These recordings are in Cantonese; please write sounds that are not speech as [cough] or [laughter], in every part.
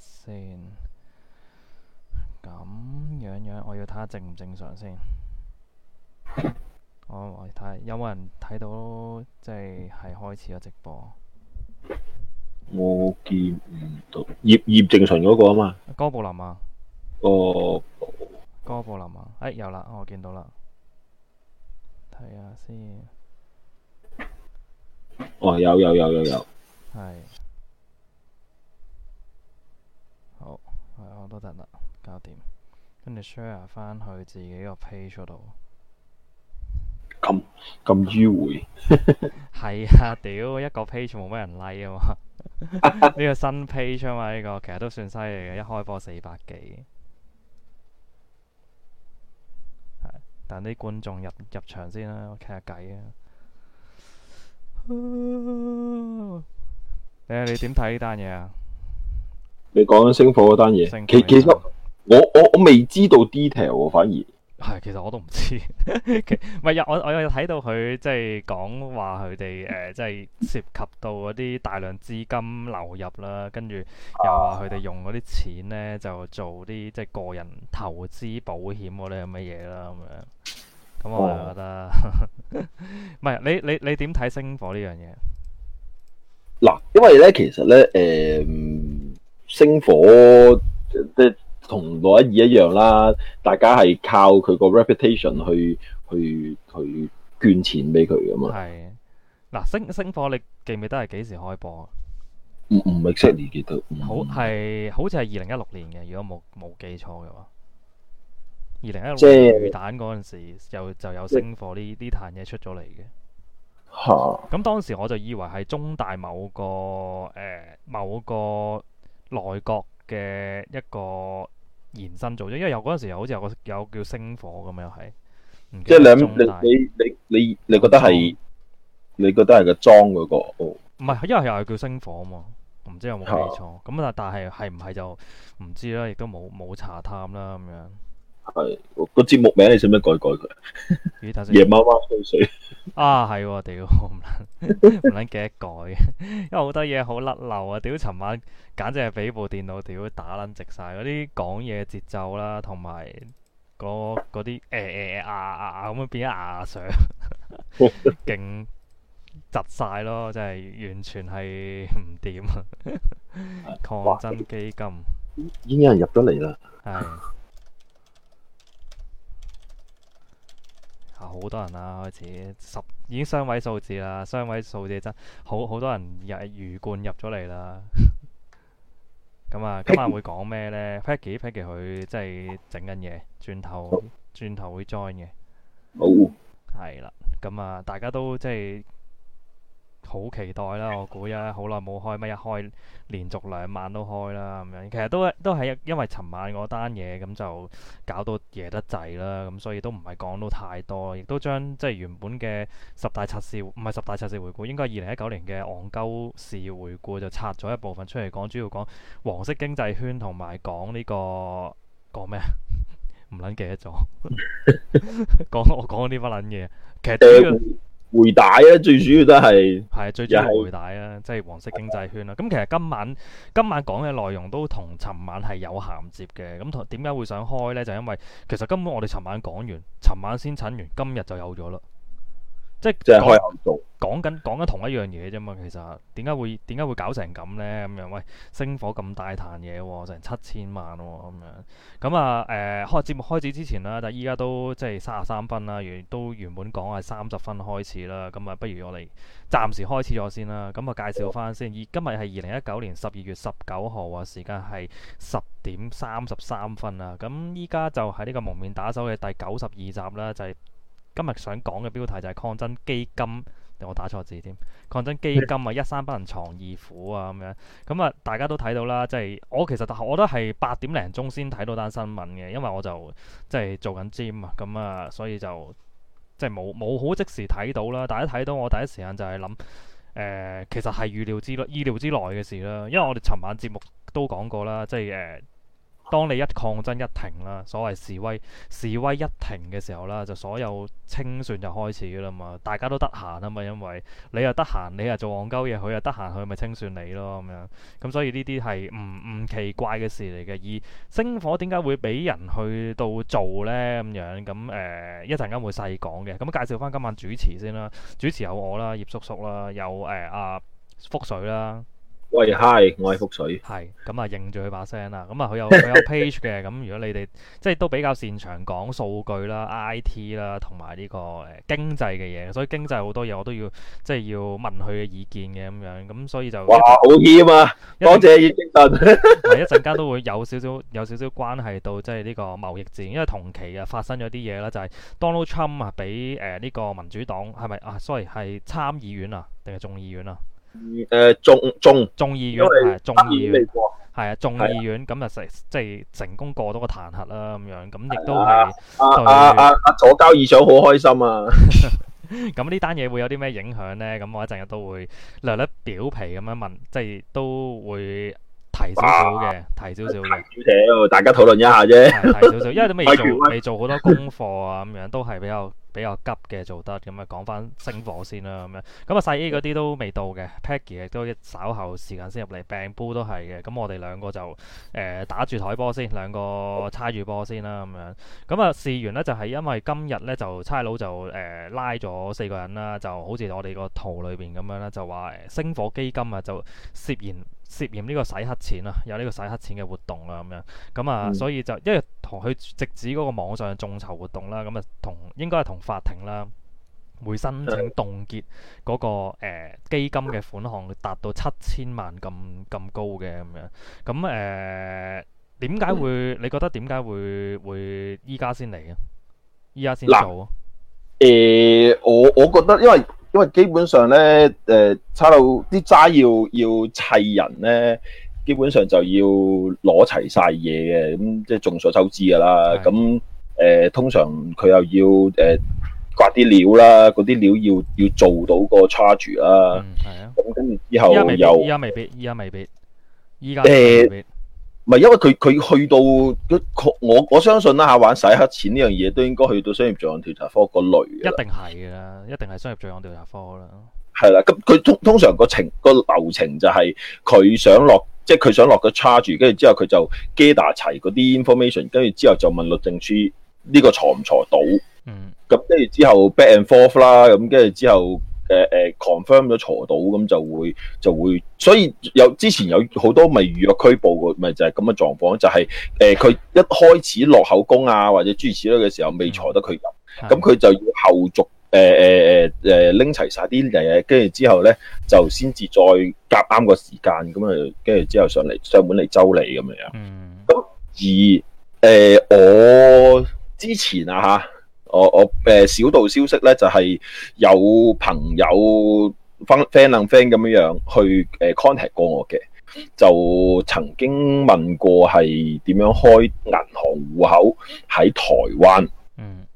先咁樣樣，我要睇下正唔正常先。 [laughs] 我我睇有冇人睇到，即係係開始咗直播。我見唔到葉葉正常嗰個啊嘛，哥布林啊，哦哥，哥布林啊，哎有啦，我見到啦，睇下先看看。哦有有有有有，係。 [laughs] 係我都得啦，搞掂，跟住 share 翻去自己個 page 度，咁咁迂回，係 [laughs] [laughs] 啊，屌一個 page 冇乜人 like 啊嘛，呢 [laughs] [laughs] 個新 page 啊嘛，呢、這個其實都算犀利嘅，一開波四百幾，係， [laughs] 但啲觀眾入入場先啦，我傾下偈啊，你你點睇呢單嘢啊？你講星火嗰單嘢，其其實我我我未知道 detail 反而係，其實我都唔知， [laughs] 其唔係我我有睇到佢即係講話佢哋誒，即係、呃、涉及到嗰啲大量資金流入啦，跟住又話佢哋用嗰啲錢呢，就做啲即係個人投資保險嗰啲咁嘅嘢啦，咁樣咁我就覺得唔係、啊、 [laughs] 你你你點睇星火呢樣嘢嗱？因為咧其實咧誒。呃星火即係同羅一義一樣啦，大家係靠佢個 reputation 去去去捐錢俾佢噶嘛。係，嗱星星火，你記唔記得係幾時開播？啊？唔唔係悉尼結得。好係，好似係二零一六年嘅，如果冇冇記錯嘅話。二零一六年魚蛋嗰陣時又，就有星火呢啲彈嘢出咗嚟嘅。嚇哈！咁當時我就以為係中大某個誒、呃、某個。內閣嘅一個延伸組織，因為有嗰陣時好似有個有個叫星火咁又係，即係兩你大你你你覺得係大你覺得係個莊嗰，那個？唔、oh. 係，因為又係叫星火啊嘛，唔知有冇記錯？咁 Yeah. 但但係係唔係就唔知啦，亦都冇冇查探，啦咁樣。係個節目名你可可改改，你使唔使改一改？等等夜貓貓吹水啊！係、啊，屌我唔捻唔捻記得改，因為好多嘢好甩漏啊！屌，尋晚簡直係俾部電腦屌打捻直晒，嗰啲講嘢節奏啦，同埋嗰嗰啲誒誒啊啊咁樣變咗牙上，勁窒晒咯，真係完全係唔掂啊！抗爭基金已經有人入咗嚟啦，係。啊，好多人啦，開始十已經雙位數字啦，雙位數字真好好多人日日入魚貫入咗嚟啦。咁啊、 [laughs] 嗯，今晚會講咩呢？Peggy，Peggy 佢即係整緊嘢，轉頭、oh。轉頭會 join 嘅。好、oh，係啦。咁啊，大家都即係。好期待啦！我估啊，好耐冇開，乜一開連續兩晚都開啦咁樣。其實都都係因為尋晚嗰單嘢，咁就搞到夜得滯啦。咁所以都唔係講到太多，亦都將即係原本嘅十大測試，唔係十大測試回顧，應該係二零一九年嘅戇鳩事回顧，就拆咗一部分出嚟講。主要講黃色經濟圈同埋講呢個講咩啊？唔撚 [laughs] 記得咗。講 [laughs] 我講呢啲不撚嘢，其實。 [laughs] 回帶啊，最主要都係係啊，最主要係回帶啊，即係黃色經濟圈啦、啊。咁其實今晚今晚講嘅內容都同尋晚係有銜接嘅。咁同點解會想開呢？就因為其實根本我哋尋晚講完，尋晚先診完，今日就有咗啦。即係開口做，講緊講緊同一樣嘢啫嘛。其實點解會點解會搞成咁呢？咁樣喂，星火咁大壇嘢喎，成七千萬喎、啊、咁樣。咁啊誒、呃，開節目開始之前啦、啊，但係依家都即係三十三分啦、啊，原都原本講係三十分開始啦。咁啊，不如我哋暫時開始咗先啦。咁啊，介紹翻先，今日係二零一九年十二月十九號啊，時間係十點三十三分啊。咁依家就喺呢個蒙面打手嘅第九十二集啦、啊，就係、是。今日想講嘅標題就係抗爭基金，我打錯字添。抗爭基金啊，一山不能藏二虎啊，咁樣咁啊，大家都睇到啦。即係我其實，我覺得係八點零鐘先睇到單新聞嘅，因為我就即係做緊 gym 啊，咁啊，所以就即係冇冇好即時睇到啦。大家睇到我第一時間就係諗，誒、呃，其實係預料之料、意料之內嘅事啦。因為我哋尋晚節目都講過啦，即係。呃當你一抗爭一停啦，所謂示威示威一停嘅時候啦，就所有清算就開始㗎喇嘛，大家都得閒啊嘛，因為你又得閒，你又做戇鳩嘢，佢又得閒，佢咪清算你咯咁樣，咁所以呢啲係唔唔奇怪嘅事嚟嘅。而星火點解會俾人去到做呢？咁樣，咁、呃、誒一陣間會細講嘅。咁介紹返今晚主持先啦，主持有我啦，葉叔叔啦，有誒阿福水啦。喂，Hi，我係福水，係咁啊，應住佢把聲啦。咁啊，佢有佢有 page 嘅。咁 [laughs] 如果你哋即係都比較擅長講數據啦、IT 啦，同埋呢個誒經濟嘅嘢，所以經濟好多嘢我都要即係要問佢嘅意見嘅咁樣。咁所以就哇好謙嘛、啊。多旦謝葉振頓。係一陣間都會有少少有少少關係到即係呢個貿易戰，因為同期啊發生咗啲嘢啦，就係、是、Donald Trump 啊，俾誒呢個民主黨係咪啊？Sorry，係參議院啊，定係眾議院啊？誒，眾眾眾議院係眾議院，係啊，眾議院咁啊成，即係成功過到個彈劾啦咁樣，咁亦都係阿阿阿阿左交議長好開心啊！咁呢單嘢會有啲咩影響呢？咁我一陣又都會略略表皮咁樣問，即係都會提少少嘅，提少少嘅，提少少，大家討論一下啫，提少少，因爲都未做未做好多功課啊，咁樣都係比較。比較急嘅做得咁啊，講翻星火先啦，咁樣咁啊，細 A 嗰啲都未到嘅、嗯、Peggy 亦都稍後時間先入嚟，病波都係嘅，咁我哋兩個就誒、呃、打住台波先，兩個差住波先啦，咁樣咁啊，事緣呢就係因為今日呢，就差佬就誒拉咗四個人啦，就好似我哋個圖裏邊咁樣啦，就話星火基金啊就涉嫌。涉嫌呢個洗黑錢啊，有呢個洗黑錢嘅活動啊，咁樣咁啊，所以就因為同佢直指嗰個網上眾籌活動啦，咁啊同應該係同法庭啦，會申請凍結嗰個、呃、基金嘅款項達到七千萬咁咁高嘅咁樣，咁誒點解會？嗯、你覺得點解會會依家先嚟啊？依家先做啊？誒、呃，我我覺得因為。因為基本上咧，誒、呃、差佬啲齋要要砌人咧，基本上就要攞齊晒嘢嘅，咁即係眾所周知㗎啦。咁誒的、呃、通常佢又要誒刮啲料啦，嗰啲料要要做到個 charge 啦。嗯，係啊。咁跟住之後又依家未必，依家未必。依家唔係，因為佢佢去到，我我相信啦嚇玩洗黑錢呢樣嘢，都應該去到商業罪案調查科個類嘅一。一定係㗎，一定係商業罪案調查科啦。係啦，咁佢通通常個程個流程就係佢想落，即係佢想落個 charge，跟住之後佢就 gather 齊嗰啲 information，跟住之後就問律政處呢個藏唔藏到？嗯，咁跟住之後 back and forth 啦，咁跟住之後。誒誒、呃、confirm 咗坐到，咁就會就會，所以有之前有好多咪預約拘捕咪就係咁嘅狀況，就係誒佢一開始落口供啊或者諸如此類嘅時候未坐得佢入，咁佢、嗯、就要後續誒誒誒誒拎齊晒啲嘢，跟住之後咧就先至再夾啱個時間咁啊，跟住之後上嚟上門嚟周你咁樣樣。嗯，咁而誒、呃、我之前啊吓。我我誒小道消息咧，就係、是、有朋友翻 friend friend 咁樣樣去誒 contact 過我嘅，就曾經問過係點樣開銀行戶口喺台灣。嗯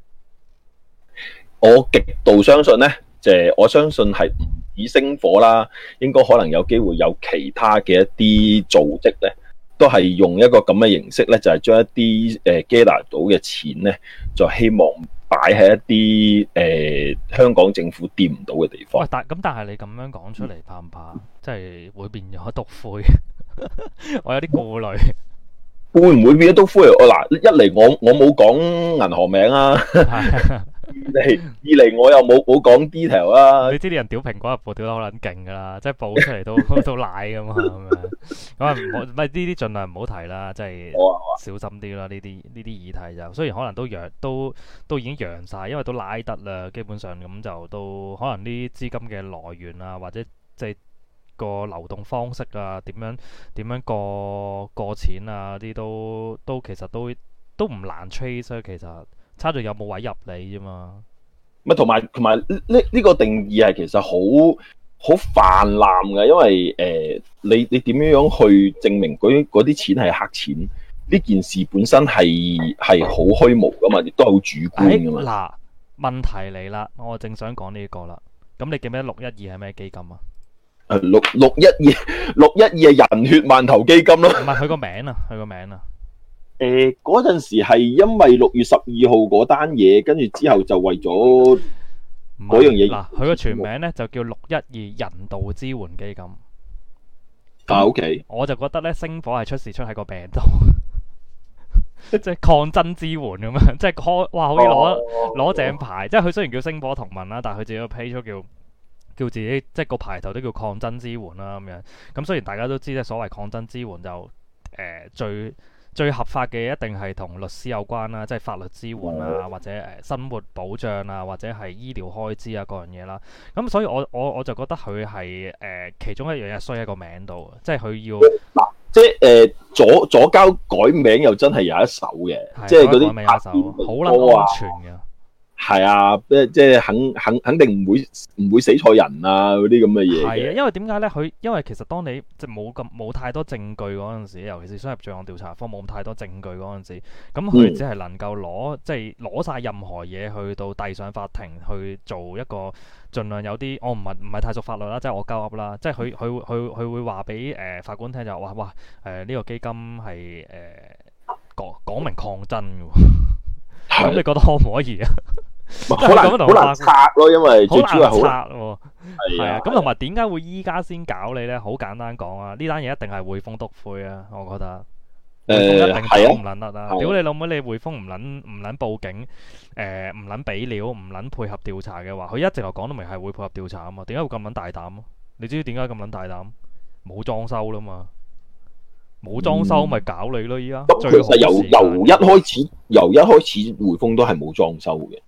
，mm. 我極度相信咧，即係我相信係唔止星火啦，應該可能有機會有其他嘅一啲組織咧，都係用一個咁嘅形式咧，就係、是、將一啲誒、呃、基拿到嘅錢咧，就希望。擺喺一啲誒香港政府掂唔到嘅地方。喂，但咁但係你咁樣講出嚟，怕唔怕即係會變咗篤灰？我有啲顧慮，會唔會變咗篤灰？我嗱一嚟，我我冇講銀行名啊。二嚟我又冇冇講 detail 啊！ [laughs] 你知啲人屌蘋果日報屌得好捻勁噶啦，即係報出嚟都 [laughs] 都瀨噶嘛咁啊！唔唔咪呢啲盡量唔好提啦，即係小心啲啦。呢啲呢啲議題就雖然可能都揚都都已經揚晒，因為都拉得啦，基本上咁就都可能呢啲資金嘅來源啊，或者即係個流動方式啊，點樣點樣過過錢啊啲都都其實都都唔難 trace 啊。所以其實。差咗有冇位入你啫嘛？唔係，同埋同埋呢呢個定義係其實好好泛濫嘅，因為誒、呃、你你點樣去證明嗰啲錢係黑錢？呢件事本身係係好虛無噶嘛，亦都係好主觀噶嘛。嗱、哎，問題嚟啦，我正想講呢個啦。咁你記唔記得六一二係咩基金啊？誒，六六一二六一二係人血饅頭基金咯。唔係佢個名啊，佢個名啊。嗰陣、欸、時係因為六月十二號嗰單嘢，跟住之後就為咗嗰樣嘢嗱。佢個全名呢就叫六一二人道支援基金。嗯啊、o、okay. K，我就覺得呢星火係出事出喺個病毒，即係抗爭支援咁樣， [laughs] 即係哇可以攞攞、oh. 正牌。即係佢雖然叫星火同盟啦，但係佢自己個 page 叫叫自己，即係個牌頭都叫抗爭支援啦。咁樣咁，雖然大家都知即係所謂抗爭支援就誒、呃、最。最合法嘅一定係同律師有關啦，即係法律支援啊，或者誒生活保障啊，或者係醫療開支啊各樣嘢啦。咁所以我我我就覺得佢係誒其中一樣嘢衰喺個名度，即係佢要即係誒、呃、左左交改名又真係有一手嘅，即係嗰有一手，好、呃、難安全嘅。係啊，即即肯肯肯定唔會唔會死錯人啊嗰啲咁嘅嘢。係啊，因為點解咧？佢因為其實當你即冇咁冇太多證據嗰陣時，尤其是商業罪案調查科冇咁太多證據嗰陣時，咁佢只係能夠攞，嗯，即係攞晒任何嘢，去到遞上法庭去做一個盡量有啲，我唔係唔係太熟法律啦，就是，即係我夠噏啦，即係佢佢佢佢會話俾誒法官聽就話哇誒呢，呃這個基金係誒講講明抗爭嘅， [laughs] [laughs] 咁你覺得可唔可以啊？好難好難拆咯，因為最主要係好難拆係啊。咁同埋點解會依家先搞你咧？好簡單講啊，呢單嘢一定係匯豐督灰啊。我覺得匯豐一定做唔捻得啊。屌你老母，你匯豐唔捻唔捻報警誒，唔捻俾料，唔捻配合調查嘅話，佢一直嚟講到明係會配合調查啊嘛。點解會咁捻大膽？你知唔知點解咁捻大膽？冇裝修啦嘛，冇裝修咪搞你咯。依家最其實由由一開始由一開始匯豐都係冇裝修嘅。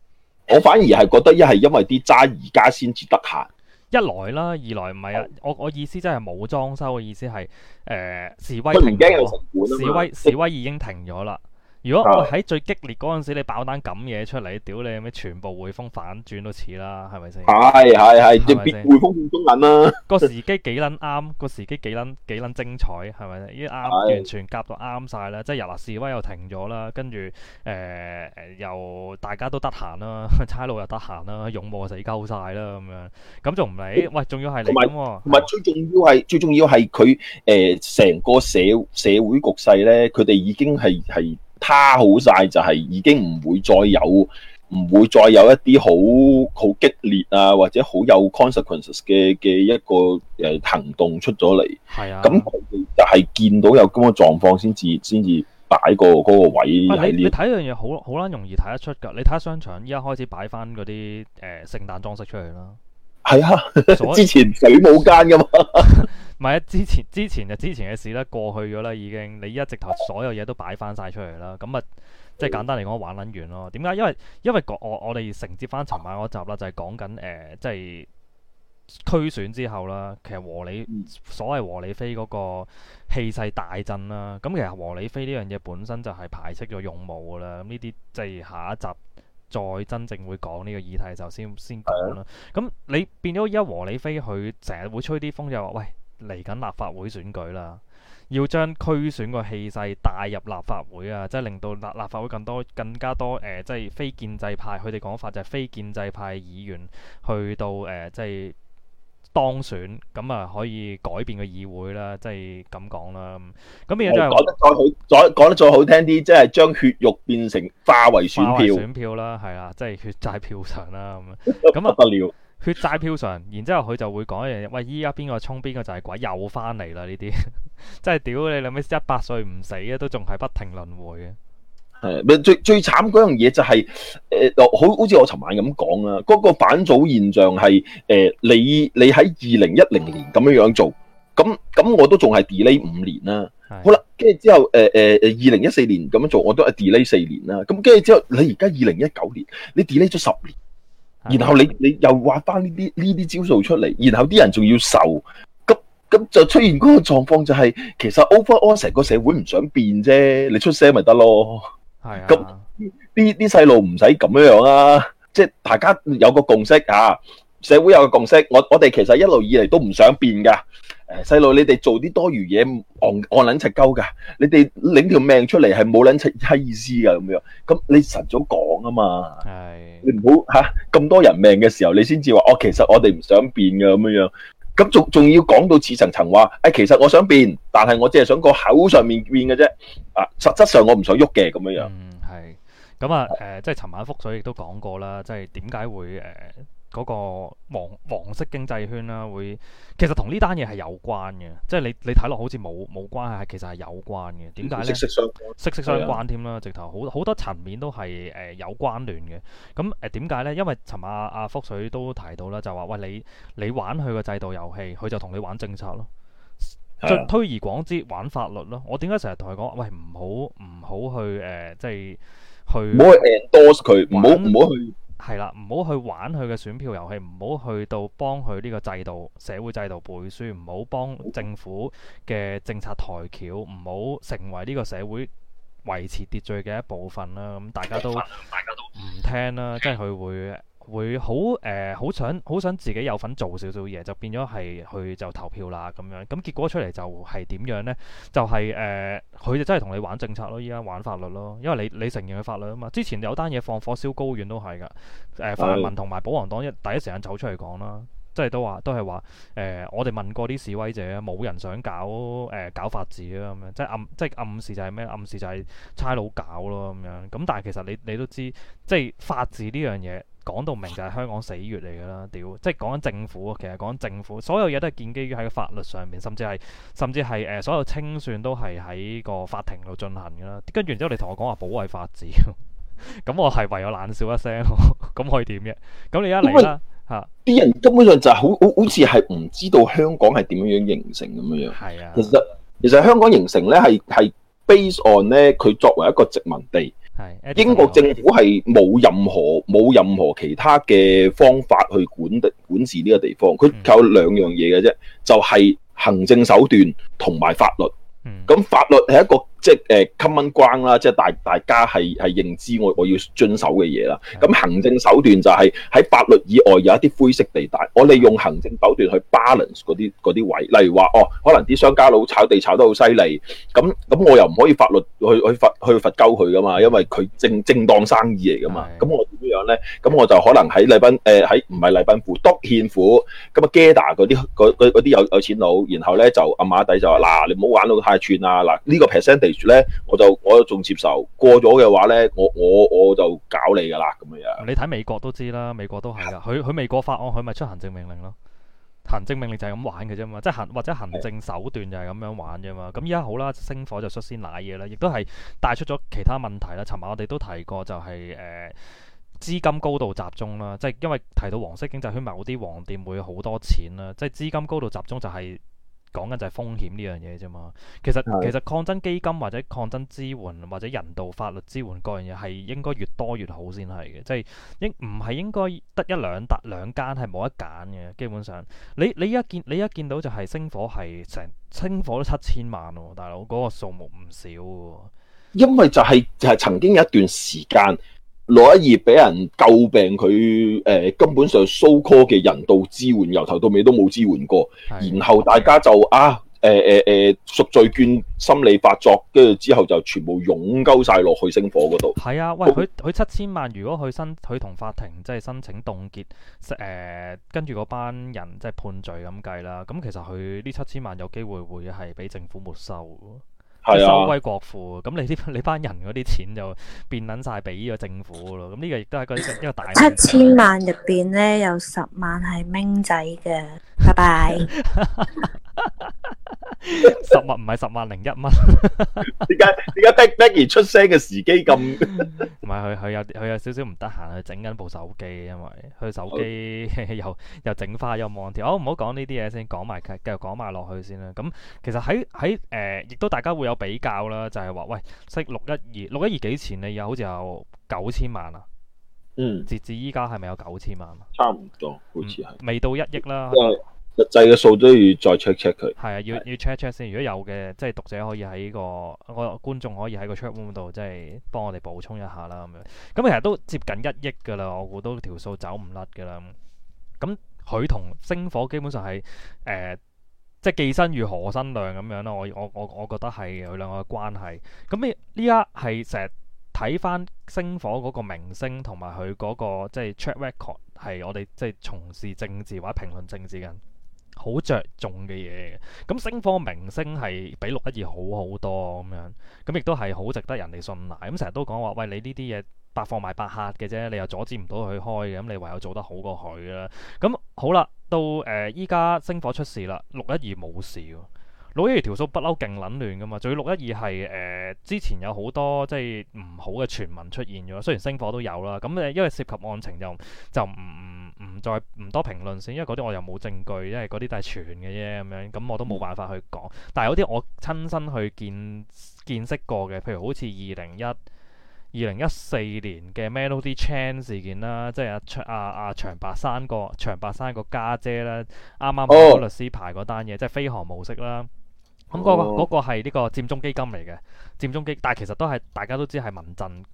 我反而係覺得一係因為啲渣而家先至得閒，一來啦，二來唔係啊，我我意思真係冇裝修嘅意思係，誒、呃，示威停咗示威示威已經停咗啦。如果喺最激烈嗰陣時，你爆單咁嘢出嚟，屌你咩全部匯豐反轉都似啦，係咪先？係係係，即係匯豐變中銀啦。個時機幾撚啱，個時機幾撚幾撚精彩，係咪咧？依啱，是是完全夾到啱晒啦。即係遊行示威又停咗啦，跟住誒又大家都得閒啦，差佬又得閒啦，勇武就死鳩晒啦咁樣。咁仲唔嚟？有喂，仲要係嚟㗎喎。唔係有嗎最重要係，最重要係佢誒成個社社會局勢咧，佢哋已經係係。差好晒，就係、是、已經唔會再有唔會再有一啲好好激烈啊，或者好有 consequences 嘅嘅一個誒行動出咗嚟。係啊，咁佢哋就係見到有咁嘅狀況先至先至擺個嗰個位。你睇一樣嘢好好難，容易睇得出㗎。你睇下商場依家開始擺翻嗰啲誒聖誕裝飾出嚟啦。係啊，所之前冇間㗎嘛。 [laughs] 唔係啊！之前之前就之前嘅事啦，過去咗啦，已經你依家直頭所有嘢都擺翻晒出嚟啦。咁啊，即係簡單嚟講，玩撚完咯。點解？因為因為個我我哋承接翻尋晚嗰集啦，就係，講緊誒，即係區選之後啦。其實和理所謂和理非嗰個氣勢大振啦。咁其實和理非呢樣嘢本身就係排斥咗勇武噶啦。咁呢啲即係下一集再真正會講呢個議題就先先講啦。咁你變咗依家和理非佢成日會吹啲風就話，喂。嚟緊立法會選舉啦，要將區選個氣勢帶入立法會啊，即係令到立立法會更多更加多誒，即、呃、係、就是、非建制派，佢哋講法就係非建制派議員去到誒、呃，即係當選，咁啊可以改變個議會啦，即係咁講啦。咁樣講、就是、得再好，再講得再好聽啲，即係將血肉變成化為選票，選票啦，係啊，即係血債票償啦，咁咁啊不了。決債飄上，然之後佢就會講一樣嘢，喂，依家邊個衝邊個就係鬼又翻嚟啦！呢啲真係屌你，諗咩一百歲唔死呀都仲係不停輪迴嘅。係咪最最慘嗰樣嘢就係、是、誒、呃，好好似我尋晚咁講啊，嗰、那個反祖現象係誒、呃，你你喺二零一零年咁樣樣做，咁咁、嗯、我都仲係 delay 五年啦。是的 好啦，跟住之後誒誒誒，二零一四年咁樣做，我都係 delay 四年啦。咁跟住之後，你而家二零一九年，你 delay 咗十年。然後你你又畫翻呢啲呢啲招數出嚟，然後啲人仲要受，咁咁就出現嗰個狀況就係、是，其實 overall 成個社會唔想變啫，你出聲咪得咯，係啊，咁啲啲細路唔使咁樣樣啦，即係大家有個共識吓、啊，社會有個共識，我我哋其實一路以嚟都唔想變噶。誒，細路、啊、你哋做啲多餘嘢，按戇捻柒鳩噶，你哋領條命出嚟係冇捻柒閪意思噶咁樣，咁你晨早講啊嘛，的你唔好吓咁多人命嘅時候，你先至話哦，其實我哋唔想變嘅咁樣樣，咁仲仲要講到似層層話，誒、哎，其實我想變，但係我只係想個口上面變嘅啫，啊，實質上我唔想喐嘅咁樣樣，係、嗯，咁啊，誒、呃，即係尋晚福水亦都講過啦，即係點解會誒？呃嗰個黃黃色經濟圈啦、啊，會其實同呢單嘢係有關嘅，即係你你睇落好似冇冇關係，係其實係有關嘅。點解咧？息息相關，息息相關添啦，的直頭好好多層面都係誒有關聯嘅。咁誒點解呢？因為尋晚阿福水都提到啦，就話喂，你你玩佢個制度遊戲，佢就同你玩政策咯。的推而廣之，玩法律咯。我點解成日同佢講喂，唔好唔好去誒，即係去唔好去 endorse 佢，唔好唔好去。呃係啦，唔好去玩佢嘅選票遊戲，唔好去到幫佢呢個制度社會制度背書，唔好幫政府嘅政策抬轎，唔好成為呢個社會維持秩序嘅一部分啦、啊。咁、嗯、大家都大家都唔聽啦、啊，即係佢會。會好誒，好、呃、想好想自己有份做少少嘢，就變咗係去就投票啦咁樣。咁結果出嚟就係點樣呢？就係、是、誒，佢、呃、就真係同你玩政策咯，依家玩法律咯，因為你你承認佢法律啊嘛。之前有單嘢放火燒高院都係㗎誒，泛民同埋保皇黨一第一時間走出嚟講啦，即係都話都係話誒，我哋問過啲示威者冇人想搞誒、呃、搞法治啊咁樣，即係暗即係暗示就係咩？暗示就係差佬搞咯咁樣。咁但係其實你你都知即係法治呢樣嘢。講到明就係香港死穴嚟㗎啦，屌！即係講緊政府，其實講緊政府，所有嘢都係建基於喺個法律上面，甚至係，甚至係誒、呃，所有清算都係喺個法庭度進行㗎啦。跟住然之後，你同我講話保衞法治，咁我係唯有冷笑一聲咯。咁可以點嘅？咁你一嚟啦，啲為、啊、人根本上就好好好似係唔知道香港係點樣樣形成咁樣樣。係是啊，其實其實香港形成咧係係 base on 咧，佢作為一個殖民地。英國政府係冇任何冇任何其他嘅方法去管的管治呢個地方，佢靠兩樣嘢嘅啫，就係行政手段同埋法律。咁法律係一個。即係誒 common 關啦，即係大大家係係認知我我要遵守嘅嘢啦。咁行政手段就係喺法律以外有一啲灰色地帶，我利用行政手段去 balance 嗰啲啲位。例如話哦，可能啲商家佬炒地炒得好犀利，咁咁我又唔可以法律去去罰去罰鳩佢㗎嘛，因為佢正正當生意嚟㗎嘛。咁是的 我點樣咧？咁我就可能喺禮賓誒喺唔係禮賓府督憲府咁啊 g e l d e 嗰啲啲有有錢佬，然後咧就阿馬底就話嗱，你唔好玩到太串啊！嗱、這個，呢個 percent 地，我就我仲接受，過咗嘅話呢，我我我就搞你㗎喇咁樣。你睇美國都知啦，美國都係啊，佢佢美國法案佢咪出行政命令囉，行政命令就係咁玩嘅啫嘛，即係行或者行政手段就係咁樣玩啫嘛。咁依家好啦，星火就率先瀨嘢啦，亦都係帶出咗其他問題啦。尋晚我哋都提過就係、是、誒、呃、資金高度集中啦，即係因為提到黃色經濟圈某啲黃店會好多錢啦，即係資金高度集中就係、是。講緊就係風險呢樣嘢啫嘛，其實係嘅，其實抗爭基金或者抗爭支援或者人道法律支援各樣嘢係應該越多越好先係嘅，即係應唔係應該得一兩笪兩間係冇得揀嘅，基本上你你一見你一見到就係星火係成星火都七千萬喎、哦，大佬嗰、那個數目唔少喎，因為就係、是、就係、是、曾經有一段時間。攞一頁俾人救病佢，誒、呃、根本上 so call 嘅人道支援，由頭到尾都冇支援過。的然後大家就的啊，誒誒誒，贖、呃、罪券心理發作，跟住之後就全部湧鳩晒落去星火嗰度。係啊，喂，佢佢七千萬，如果佢申佢同法庭即係申請凍結，誒、呃、跟住嗰班人即係判罪咁計啦。咁其實佢呢七千萬有機會會係俾政府沒收。即收歸國庫，咁你呢，你班人嗰啲錢就變捻晒俾個政府咯。咁呢個亦都係一個一個大七千萬入面咧，有十萬係明仔嘅。拜拜。 [laughs] [laughs] 十 [laughs] 萬唔係十萬零一蚊，點解點解逼逼而出聲嘅時機咁？唔係佢佢有佢有少少唔得閒，去整緊部手機，因為佢手機又又整花又忘掉。好唔好講呢啲嘢先，講埋繼續講埋落去先啦。咁其實喺喺誒，亦都大家會有比較啦，就係話喂，識六一二六一二幾錢你又好似有九千萬啊？嗯，直至依家係咪有九千萬？差唔多，好似係未到一億啦。呃實際嘅數都要再 check check 佢係啊，要要 check check 先。如果有嘅，即係讀者可以喺、這個我觀眾可以喺個 chat room 度，即係幫我哋補充一下啦。咁樣，咁其實都接近一億噶啦，我估都條數走唔甩噶啦。咁佢同星火基本上係誒、呃，即係寄身於何身量咁樣咯。我我我我覺得係佢兩個嘅關係。咁呢呢家係成日睇翻星火嗰個明星同埋佢嗰個即係 track record，係我哋即係從事政治或者評論政治嘅好着重嘅嘢，咁星火明星係比六一二好好多咁樣，咁亦都係好值得人哋信賴。咁成日都講話，喂，你呢啲嘢百貨賣百客嘅啫，你又阻止唔到佢開嘅，咁你唯有做得好過佢啦。咁好啦，到誒依家星火出事啦，六一二冇事喎，六一二條數不嬲勁撚亂噶嘛，仲要六一二係誒之前有好多即係唔好嘅傳聞出現咗，雖然星火都有啦，咁誒因為涉及案情就就唔唔。唔再唔多評論先，因為嗰啲我又冇證據，因為嗰啲都係傳嘅啫，咁樣，咁我都冇辦法去講。但係有啲我親身去見見識過嘅，譬如好似二零一二零一四年嘅 Melody Chan 事件啦，即係啊啊啊長白山個長白山個家姐啦，啱啱考咗律師牌嗰單嘢，oh. 即係飛航模式啦。咁、嗰、嗰個嗰個係呢個佔中基金嚟嘅，佔中基金，但係其實都係大家都知係民陣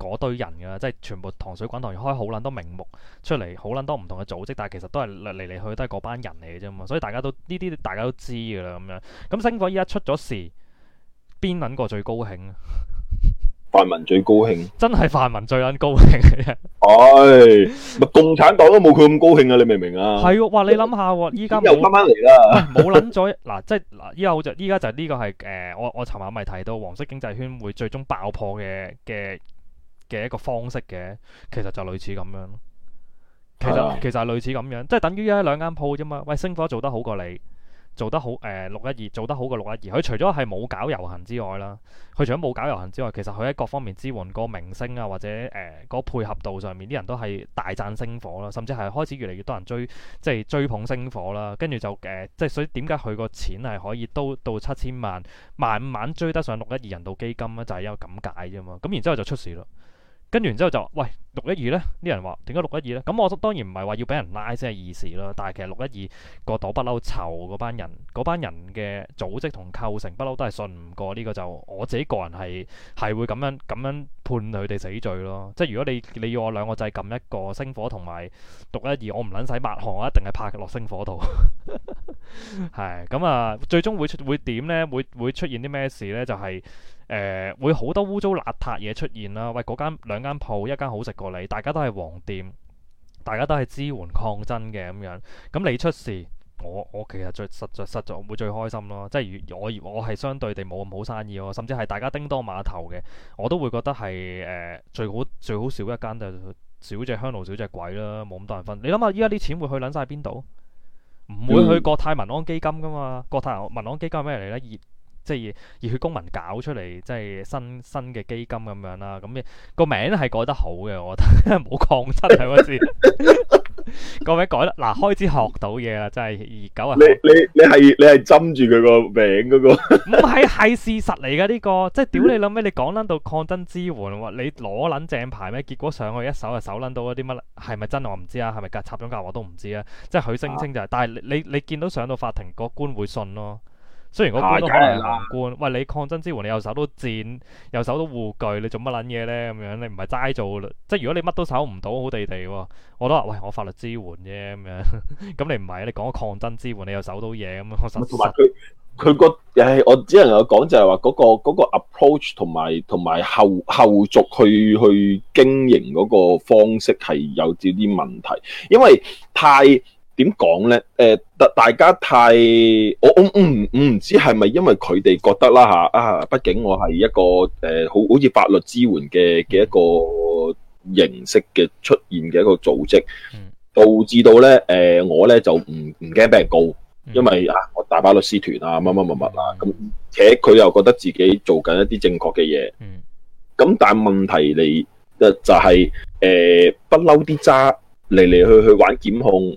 嗰堆人噶啦，即係全部糖水滾糖，開好撚多名目出嚟，好撚多唔同嘅組織，但係其實都係嚟嚟去去都係嗰班人嚟嘅啫嘛。所以大家都呢啲大家都知噶啦，咁樣咁。星火依家出咗事，邊撚個最高興啊？泛民最高興，真係泛民最撚高興嘅。係咪共產黨都冇佢咁高興啊？你明唔明啊？係喎，哇！你諗下，依家又翻翻嚟啦，冇撚咗嗱，即係依家好就依家就呢個係誒，我我尋晚咪提到黃色經濟圈會最終爆破嘅嘅，嘅一個方式嘅，其實就類似咁樣咯。其實其實就類似咁樣，即係等於一兩間鋪啫嘛。喂，星火做得好過你，做得好誒，六一二做得好過六一二。佢除咗係冇搞遊行之外啦，佢除咗冇搞遊行之外，其實佢喺各方面支援個明星啊，或者誒個配合度上面啲人都係大讚星火啦，甚至係開始越嚟越多人追即係追捧星火啦。跟住就誒即係所以點解佢個錢係可以都到到七千萬，慢慢追得上六一二人道基金咧，就係因為咁解啫嘛。咁然之後就出事咯。跟完之後就話：喂，六一二呢？啲人話點解六一二呢？咁我當然唔係話要俾人拉先係易事咯。但係其實六一二個朵不嬲，籌嗰班人，嗰班人嘅組織同構成不嬲都係信唔過呢個。就我自己個人係係會咁樣咁樣判佢哋死罪咯。即係如果你你要我兩個仔撳一個星火同埋六一二，12，我唔撚使抹紅，我一定係拍落星火度。係咁啊，最終會出會點呢？會會出現啲咩事呢？就係、是。誒、呃、會好多污糟邋遢嘢出現啦、啊！喂，嗰間兩間鋪，一間好食過你，大家都係黃店，大家都係支援抗爭嘅咁樣。咁你出事，我我其實最實在實在，實在會最開心咯、啊。即係如我我係相對地冇咁好生意喎、啊，甚至係大家叮噹馬頭嘅，我都會覺得係誒、呃、最好最好少一間，就少隻香爐，少隻鬼啦，冇咁多人分。你諗下，依家啲錢會去撚晒邊度？唔會去國泰民安基金㗎嘛？國泰民安基金係咩嚟呢？即係熱血公民搞出嚟，即係新新嘅基金咁樣啦。咁、你個名係改得好嘅，我覺得冇抗爭係咪先？各位 [laughs] [laughs] 改得嗱、啊，開始學到嘢啦，真係熱狗啊！你你你係你係針住佢個名嗰個？唔係係事實嚟噶呢個，即係屌你諗咩？你講捻到抗爭支援，你攞捻正牌咩？結果上去一手就手捻到一啲乜？係咪真我唔知啊？係咪假？插咗假我都唔知啊！即係佢聲稱就係、是，啊、但係你你，你見到上到法庭個官會信咯、啊。雖然我講都可能宏，喂，你抗爭支援你又守到戰，又守到護具，你做乜撚嘢咧？咁樣你唔係齋做，即係如果你乜都守唔到，好地地、啊、喎。我都話喂，我法律支援啫，咁樣咁你唔係，你講抗爭支援，你又守到嘢，咁我實同埋佢佢個誒，我只能我講就係話嗰個嗰、嗰個 approach 同埋同埋後後續去去經營嗰個方式係有少啲問題，因為太。點講咧？誒、大、呃、大家太我我唔唔知係咪因為佢哋覺得啦吓啊，畢竟我係一個誒、呃、好好似法律支援嘅嘅一個形式嘅出現嘅一個組織，嗯、導致到咧誒、呃、我咧就唔唔驚俾人告，因為啊我大把律師團啊，乜乜乜乜啦咁，嗯、且佢又覺得自己做緊一啲正確嘅嘢，咁、嗯、但問題嚟就係誒不嬲啲渣嚟嚟去去玩檢控。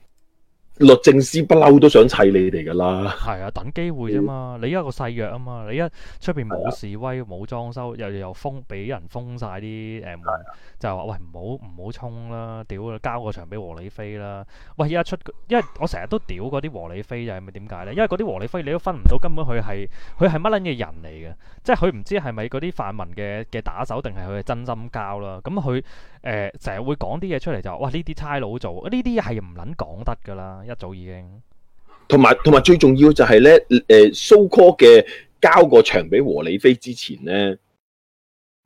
律政司不嬲都想砌你哋噶啦，係啊，等機會啫嘛。你而家個細弱啊嘛，你一出邊冇示威冇、啊、裝修，又又封俾人封晒啲誒，嗯啊、就話喂唔好唔好衝啦，屌，交個場俾和理非啦。喂，而家出，因為我成日都屌嗰啲和理非嘅，咪點解咧？因為嗰啲和理非你都分唔到，根本佢係佢係乜撚嘅人嚟嘅，即係佢唔知係咪嗰啲泛民嘅嘅打手定係佢係真心交啦。咁佢誒成日會講啲嘢出嚟就話，哇呢啲差佬做呢啲係唔撚講得噶啦。一早已經。同埋同埋最重要就係咧，誒 So Call 嘅交個場俾和理非之前咧，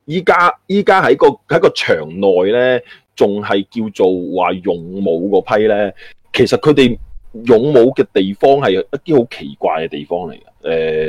依家依家喺個喺個場內咧，仲係叫做話勇武個批咧。其實佢哋勇武嘅地方係一啲好奇怪嘅地方嚟嘅，誒、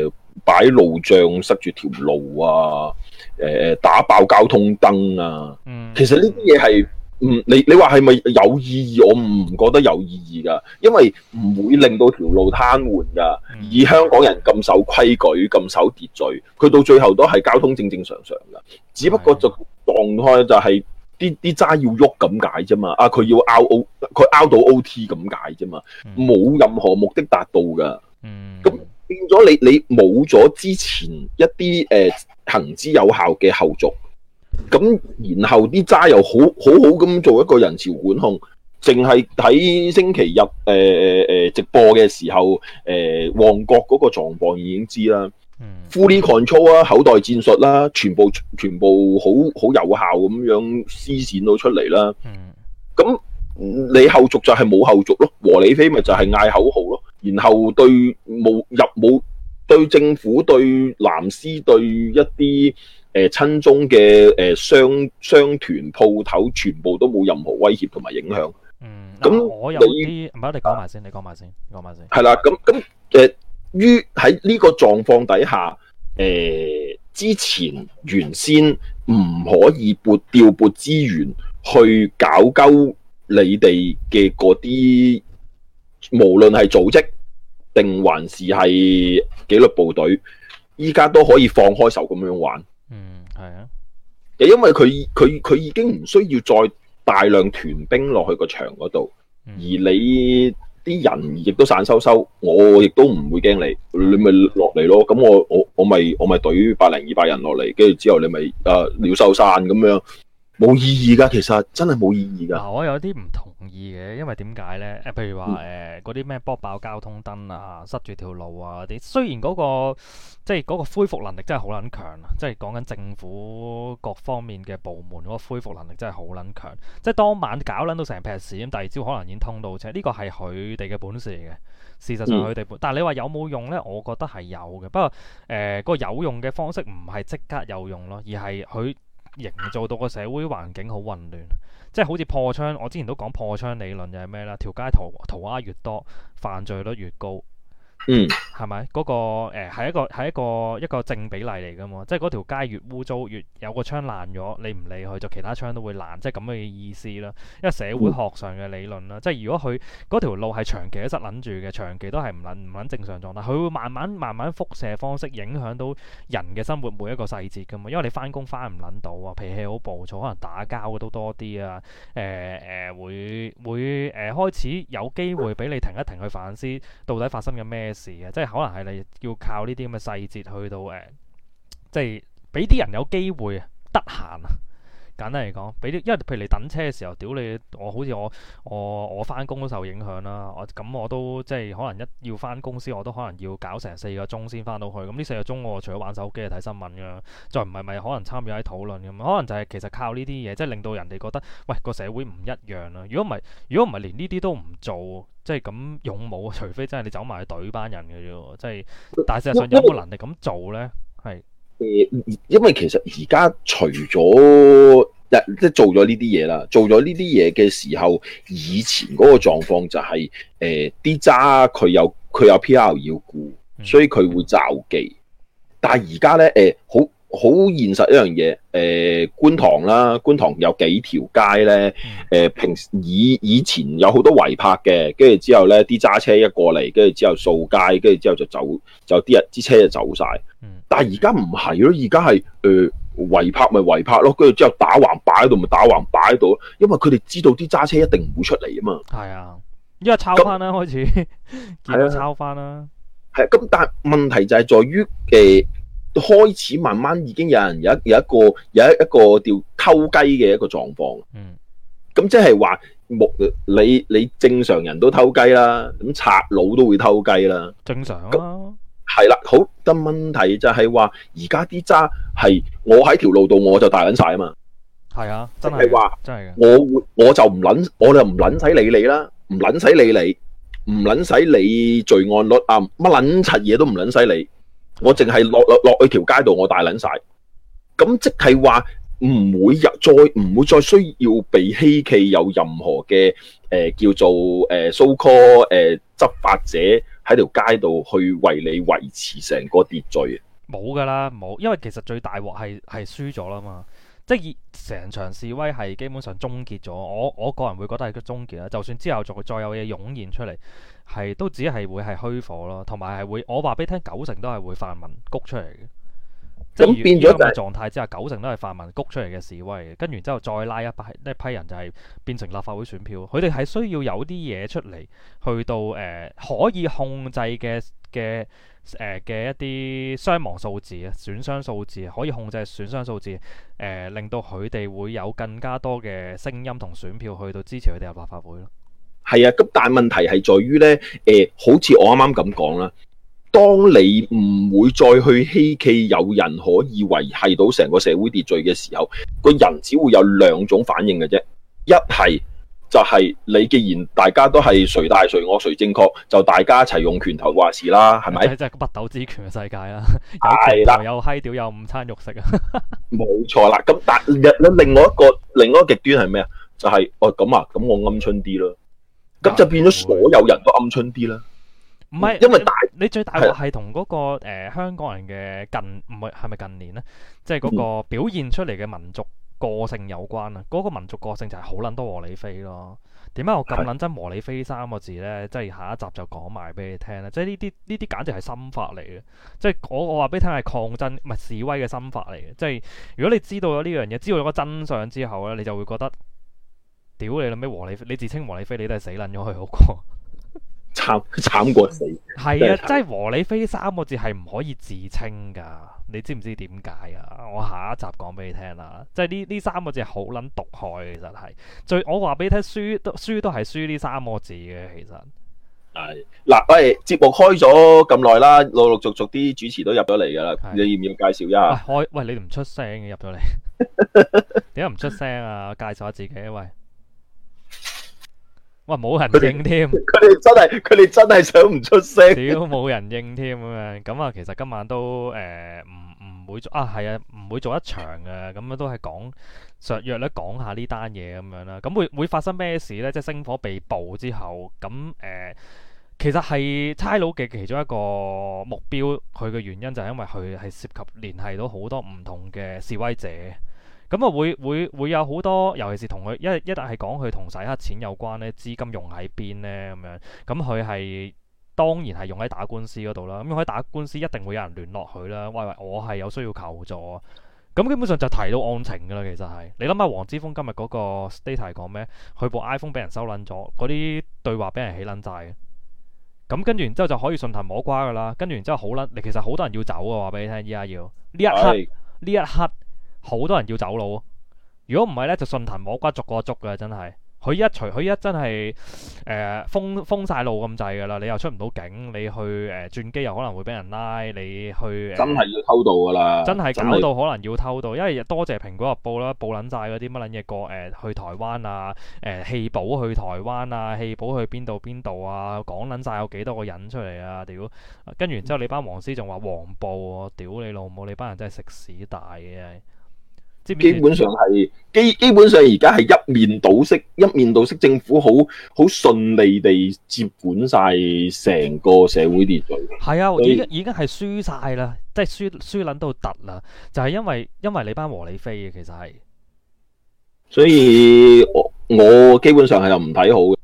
呃、擺路障塞住條路啊，誒、呃、打爆交通燈啊，嗯、其實呢啲嘢係。嗯，你你話係咪有意義？我唔覺得有意義㗎，因為唔會令到條路癱瘓㗎。而香港人咁守規矩、咁守秩序，佢到最後都係交通正正常常㗎。只不過就放開就係啲啲渣要喐咁解啫嘛。啊，佢要 out 佢 out 到 OT 咁解啫嘛，冇任何目的達到㗎。咁變咗你你冇咗之前一啲誒、呃、行之有效嘅後續。咁然後啲渣又好好好咁做一個人潮管控，淨係喺星期日誒誒誒直播嘅時候，誒、呃、旺角嗰個狀況已經知啦。嗯，fully control 啊，嗯、口袋戰術啦，全部全部好好有效咁樣施展到出嚟啦。嗯，咁你後續就係冇後續咯，和理非咪就係嗌口號咯，然後對冇入冇對政府對藍絲對一啲。誒親中嘅誒商商團鋪頭，全部都冇任何威脅同埋影響。嗯，咁你我有啲唔係，你講埋先，你講埋先，講埋先。係啦，咁咁誒，於喺呢個狀況底下，誒、呃、之前原先唔可以撥調撥資源去搞鳩你哋嘅嗰啲，無論係組織定還是係紀律部隊，依家都可以放開手咁樣玩。嗯，係啊，因為佢佢佢已經唔需要再大量屯兵落去個場嗰度，嗯、而你啲人亦都散收收，我亦都唔會驚你，你咪落嚟咯，咁我我我咪我咪對百零二百人落嚟，跟住之後你咪誒鳥獸散咁樣。冇意義㗎，其實真係冇意義㗎。我有啲唔同意嘅，因為點解呢？譬如話誒，嗰啲咩剝爆交通燈啊，塞住條路啊啲，雖然嗰個即係嗰個恢復能力真係好撚強啊，即係講緊政府各方面嘅部門嗰個恢復能力真係好撚強，即係當晚搞撚到成 pat 屎，咁第二朝可能已經通到車，呢個係佢哋嘅本事嚟嘅。事實上佢哋，嗯、但係你話有冇用呢？我覺得係有嘅。不過誒，呃嗰個有用嘅方式唔係即刻有用咯，而係佢。營造到個社會環境好混亂，即係好似破窗。我之前都講破窗理論就，就係咩啦？條街塗塗鴉越多，犯罪率越高。嗯，係咪嗰個誒係、呃、一個係一個一個正比例嚟噶嘛？即係嗰條街越污糟，越有個窗爛咗，你唔理佢，就其他窗都會爛，即係咁嘅意思啦。因為社會學上嘅理論啦，即係如果佢嗰條路係長期一塞捻住嘅，長期都係唔捻唔捻正常狀態，佢會慢慢慢慢輻射方式影響到人嘅生活每一個細節噶嘛。因為你翻工翻唔捻到啊，脾氣好暴躁，可能打交嘅都多啲啊。誒、呃、誒、呃，會會誒、呃、開始有機會俾你停一停去反思，到底發生緊咩？即係可能係你要靠呢啲咁嘅細節去到誒、呃，即係俾啲人有機會得閒。簡單嚟講，俾啲，因為譬如你等車嘅時候，屌你，我好似我我我返工都受影響啦。我咁我都即係可能一要返公司，我都可能要搞成四個鐘先返到去。咁呢四個鐘我除咗玩手機睇新聞㗎，就唔係咪可能參與喺討論㗎？可能就係其實靠呢啲嘢，即係令到人哋覺得，喂個社會唔一樣啦。如果唔係，如果唔係連呢啲都唔做，即係咁勇武，除非真係你走埋去懟班人嘅啫。即係，但係事實上有冇能力咁做咧？係。誒，因為其實而家除咗誒即係做咗呢啲嘢啦，做咗呢啲嘢嘅時候，以前嗰個狀況就係誒 DJ 佢有佢有 PR 要顧，所以佢會罩機。但係而家咧誒好。呃好現實一樣嘢，誒、呃、觀塘啦，觀塘有幾條街咧，誒、呃、平時以以前有好多違泊嘅，跟住之後咧啲揸車一過嚟，跟住之後掃街，跟住之後就走，就啲人啲車就走晒。但係而家唔係咯，而家係誒違泊咪違泊咯，跟住之後打橫擺喺度咪打橫擺喺度，因為佢哋知道啲揸車一定唔會出嚟啊嘛。係啊，因為抄翻啦開始，係那啊，抄翻啦，係啊。咁但係問題就係在於誒。呃開始慢慢已經有人有一有一個有一個一個叫偷雞嘅一個狀況，嗯，咁即係話，木你你正常人都偷雞啦，咁賊佬都會偷雞啦，正常啊，係啦，好，但係問題就係話，而家啲渣係我喺條路度我就大捻晒啊嘛，係啊，真係話真係我我就唔捻我就唔捻使理你啦，唔捻使理你，唔捻使你罪案率啊，乜捻柒嘢都唔捻使你。我淨係落落落去條街度，我大捻晒，咁即係話唔會入，再唔會再需要被欺企，有任何嘅誒、呃、叫做誒 so call 誒執法者喺條街度去為你維持成個秩序，冇噶啦，冇，因為其實最大鑊係係輸咗啦嘛。即係成場示威係基本上終結咗，我我個人會覺得係佢終結啦。就算之後再再有嘢湧現出嚟，係都只係會係虛火咯，同埋係會，我話俾你聽，九成都係會泛民谷出嚟嘅。咁變咗個狀態之下，九成都係泛民谷出嚟嘅示威，跟住之後再拉一派一批人就係變成立法會選票。佢哋係需要有啲嘢出嚟去到誒、呃，可以控制嘅嘅誒嘅一啲傷亡數字啊，損傷數字可以控制損傷數字誒、呃，令到佢哋會有更加多嘅聲音同選票去到支持佢哋入立法會咯。係啊，咁但係問題係在於呢，誒、呃，好似我啱啱咁講啦，當你唔會再去希冀有人可以維繫到成個社會秩序嘅時候，個人只會有兩種反應嘅啫，一係。就係你既然大家都係誰大誰惡誰正確，就大家一齊用拳頭話事啦，係咪？即係北斗之拳嘅世界啦，有拳頭有閪屌有午餐肉食啊！冇錯啦，咁但另另外一個另外一個極端係咩、就係哦、啊？就係哦咁啊，咁我鵪鶉啲咯，咁的就變咗所有人都鵪鶉啲啦。唔係是，因為大你最大係同嗰個的、呃、香港人嘅近唔係係咪近年咧，即係嗰個表現出嚟嘅民族。嗯個性有關啊，嗰、那個民族個性就係好撚多和理非咯。點解我咁撚憎和理非三個字呢？即係下一集就講埋俾你聽啦。即係呢啲呢啲簡直係心法嚟嘅。即係我我話俾你聽係抗爭唔係示威嘅心法嚟嘅。即係如果你知道咗呢樣嘢，知道咗個真相之後呢，你就會覺得屌你啦咩，和理你自稱和理非，你都係死撚咗佢好過。慘慘過死係啊！真，即係和理非三個字係唔可以自稱噶，你知唔知點解啊？我下一集講俾你聽啊。即係呢呢三個字好捻毒害，其實係最，我話俾你聽，輸都輸都係輸呢三個字嘅，其實係嗱喂，節目開咗咁耐啦，陸陸續續啲主持都入咗嚟噶啦，是你要唔要介紹一下？開喂，喂，你唔出聲嘅入咗嚟，點解唔出聲啊？介紹下自己喂。哇，冇人應添，佢哋真係佢哋真係想唔出聲。屌，冇人應添啊！咁啊，其實今晚都誒唔唔會做啊，係啊，唔會做一場嘅。咁啊，都係講約略咧，講下呢單嘢咁樣啦。咁會會發生咩事呢？即係星火被捕之後，咁誒、呃，其實係差佬嘅其中一個目標。佢嘅原因就係因為佢係涉及聯繫到好多唔同嘅示威者。咁啊，會會會有好多，尤其是同佢一一旦係講佢同洗黑錢有關呢，資金用喺邊呢？咁樣？咁佢係當然係用喺打官司嗰度啦。咁用喺打官司一定會有人聯絡佢啦。喂喂，我係有需要求助。咁基本上就提到案情噶啦。其實係你諗下，黃之鋒今日嗰個 state 係講咩？佢部 iPhone 俾人收撚咗，嗰啲對話俾人起撚債嘅。咁跟住然之後就可以順藤摸瓜噶啦。跟住然之後好撚，其實好多人要走啊！話俾你聽，依家要呢一刻，呢是一刻。好多人要走佬，如果唔係呢，就順藤摸骨逐個捉㗎，真係佢一除佢一真係誒、呃、封封曬路咁滯㗎啦。你又出唔到境，你去誒、呃、轉機又可能會俾人拉，你去、呃、真係要偷渡㗎啦，真係搞到可能要偷渡，真的 因為多謝蘋果日報啦，報撚晒嗰啲乜撚嘢過誒去台灣啊，誒棄保去台灣啊，棄保去邊度邊度啊，講撚晒有幾多個人出嚟啊，屌，跟住之後，你班黃絲仲話黃報、啊、屌你老母，你班人真係食屎大嘅。基本上係基基本上而家係一面倒式，一面倒式政府好好順利地接管晒成個社會秩序。係啊的，以已經已經係輸晒啦，即係輸輸撚到突啦。就係、是、因為因為你班和你飛嘅其實係，所以我我基本上係又唔睇好嘅。